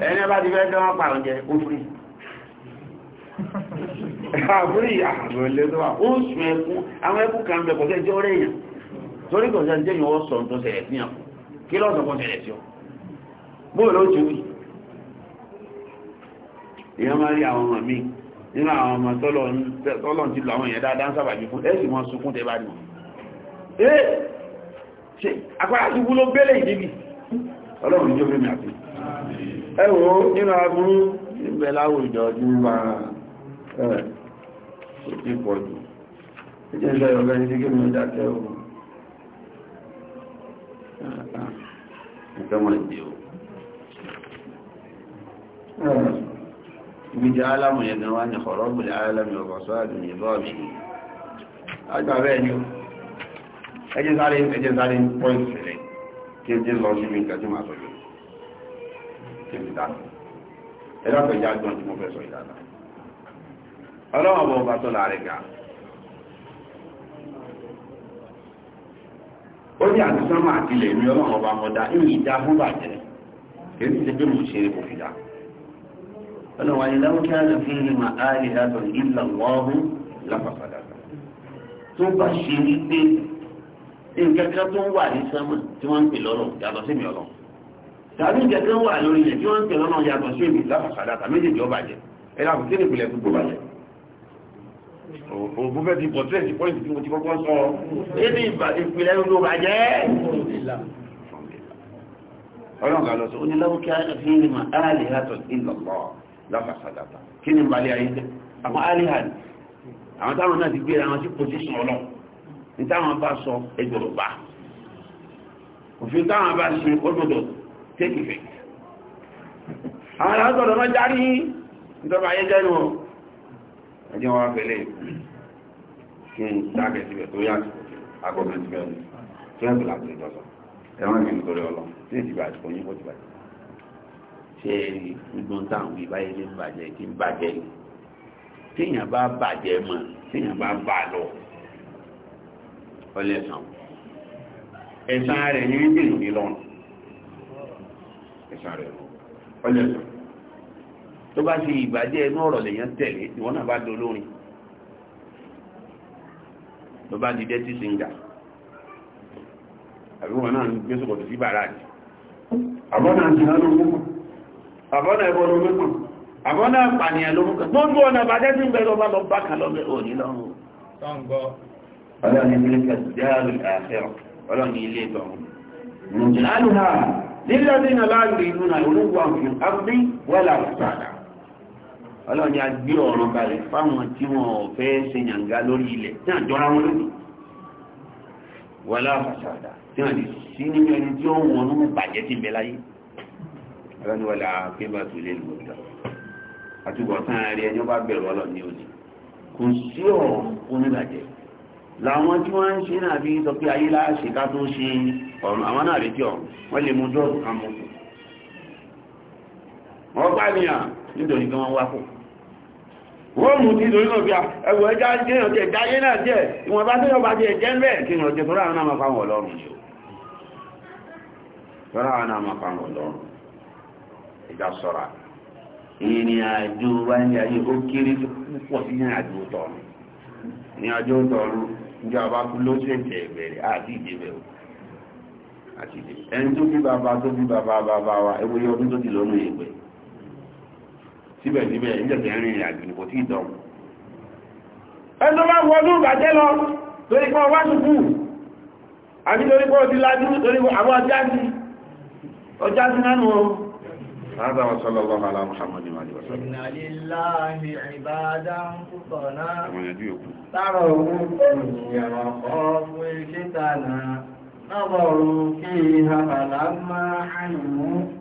ẹni bá ti fẹ́ dán pa oúnjẹ ó fúrí àfúrí àwọn ilé tó wà ó sùn ẹkún àwọn ẹkún kan bẹ̀ kọ̀ọ̀kẹ́ jẹ́ ọ̀rẹ́ èèyàn torí kọ̀ọ̀kẹ́ jẹ́ ìwọ́ sọ̀rọ̀ tó ṣẹlẹ̀ sí àpò kí lọ́sọ̀ kan ṣẹlẹ̀ sí ọ bóòlù ó ti wí èèyàn máa rí àwọn ọmọ mi nínú àwọn ọmọ tọ́lọ̀ ti lọ àwọn èèyàn dáadáa ń sábàjú fún ẹ̀sì wọn sunkún tẹ bá rí wọn ṣe àpárá ti wúlò bẹ́lẹ̀ ìdíbi ọlọ́run ní jẹ́ fẹ́mi àti ẹwọ́n nínú aburú níbẹ̀ láwùjọ ní máa ẹ̀ ti pọ̀ jù ìjẹ́ ìjọ ìrọ̀gá ní síkí mú dákẹ́ o ìjọmọ̀ ìdí o ibi jẹ́ alámù yẹn gan wá ní ọ̀rọ̀bùlẹ̀ alámù ọ̀gọ̀sọ́ àdùn ìbọ́ọ̀bì agbàbẹ́ ẹni ẹjẹ́ sáré mi kébi dáná ẹ̀dàpẹ̀ ìjà gbọ́n tí mo fẹ́ sọ ìdáná ọlọ́wọ́n bọ̀ bá tó láàrin ga ó ní àtúnṣánmà àti ilẹ̀ mi ọlọ́wọ́n bá mọ́ dá ní ìdá fún bàjẹ́ èyí ti pé mo ṣe é kò fi dá ọlọ́wọ́n ni lọ́wọ́kẹ́ àti fi tàbí ìjẹ tó ń wà lórí ilẹ̀ tí wọ́n ń pè lọ́nà yàtọ̀ sí èmi láfàṣàdá tàbí ìjọ bàjẹ́ ẹ láàbù kí ni ìpìlẹ̀ gbogbo bàjẹ́ òògùn fẹ́ ti pọ̀tẹ́ ti pọ́ìntì tí mo ti kọ́kọ́ sọ ẹ ní ìpìlẹ̀ gbogbo bàjẹ́ ọlọ́run kan lọ sọ onílọ́wọ́ kí á fi ní ma áàlì hàtọ̀ ìlọ̀lọ́ láfàṣàdá kí ni balẹ̀ ayé jẹ́ àwọn áàlì hàtọ̀ àwọn táwọn náà ti gbéra wọn sí pòsíṣàn ọlọ́run ní táwọn bá sọ ẹgbẹ̀rún bá òfin táwọn bá ṣe ó gbọdọ̀ take effect àwọn aláàtọ̀dọ̀ máa járí ìjọba ayé jẹ́nu ẹjẹ́ wọn fẹ́lẹ̀ kí n dákẹ̀ síbẹ̀ tó yá agbọ́gbẹ̀ ẹ̀sán rẹ̀ ọjọ́ ìsàn tó bá ṣe ìbàjẹ́ inú ọ̀rọ̀ lèyàn tẹ̀lé ìwọ́n náà bá di olórin ló bá di dẹ́tí singa àbí wọn náà ń gbé sọ̀kọ̀tù sí bàrá àjì àbọ́nà àjìnà ló mú àbọ́nà ẹbọ ló mú àbọ́nà àpànìyàn ló mú kan gbogbo ọ̀nà bàjẹ́ sí bẹ̀rẹ̀ ọba lọ bá kan lọ́mẹ́ òní lọ́rùn ọlọ́ni ilé kẹsìdẹ́ àrùn àfẹ́ ọlọ́ni ilé ìtọ̀run lílẹ́dínà láàrin inú náà olúwa fún abdí wọ́là ìsàdà ọlọ́ni a gbé ọ̀rọ̀ balẹ̀ fáwọn tí wọ́n fẹ́ ṣe yànga lórí ilẹ̀ tí àjọra wọn lórí wọ́là ìsàdà tí wọ́n lè sí nínú ẹni tí ó wọ́n ní bàjẹ́ ti bẹ láyé ọlọ́ni wọ́là pébà tó lè lò làwọn tí wọ́n ń ṣe náà bí sọ pé ayé láàṣẹ ká tó ṣe ọ̀run àwọn náà rédíò wọ́n lè mú dọ́ọ̀dù kan mọ́ wọ́n bá nìyàn nítorí kí wọ́n wá pọ̀ wọ́n mú ti lórí náà bí ẹwọ ẹjá jẹ́yàn jẹ́ jáyé náà ìrìn àjò wáyé ayé ó kéré púpọ̀ sí ìrìn àjò tọ̀run ìrìn àjò tọ̀run ìjọ àbá ló ṣe ń tẹ̀ àti ìdíbẹ̀ o tó bí bàbá tó bí bàbá bàbá wa ẹwọ yẹ ọdún tó ti lọ́nà ìgbẹ́ síbẹ̀síbẹ̀ ìjọba ẹ̀rìn ìrìn àjò kò tí ì dán tó bá wọ ọdún ìbàjẹ́ lọ torí ṣùkú àbí torí torí àwọn sí sí nánú هذا وصلى الله على محمد وعلى وسلم إن لله عبادا فطنا تروا يرخافوا الفتنا نظروا فيها فلما علموا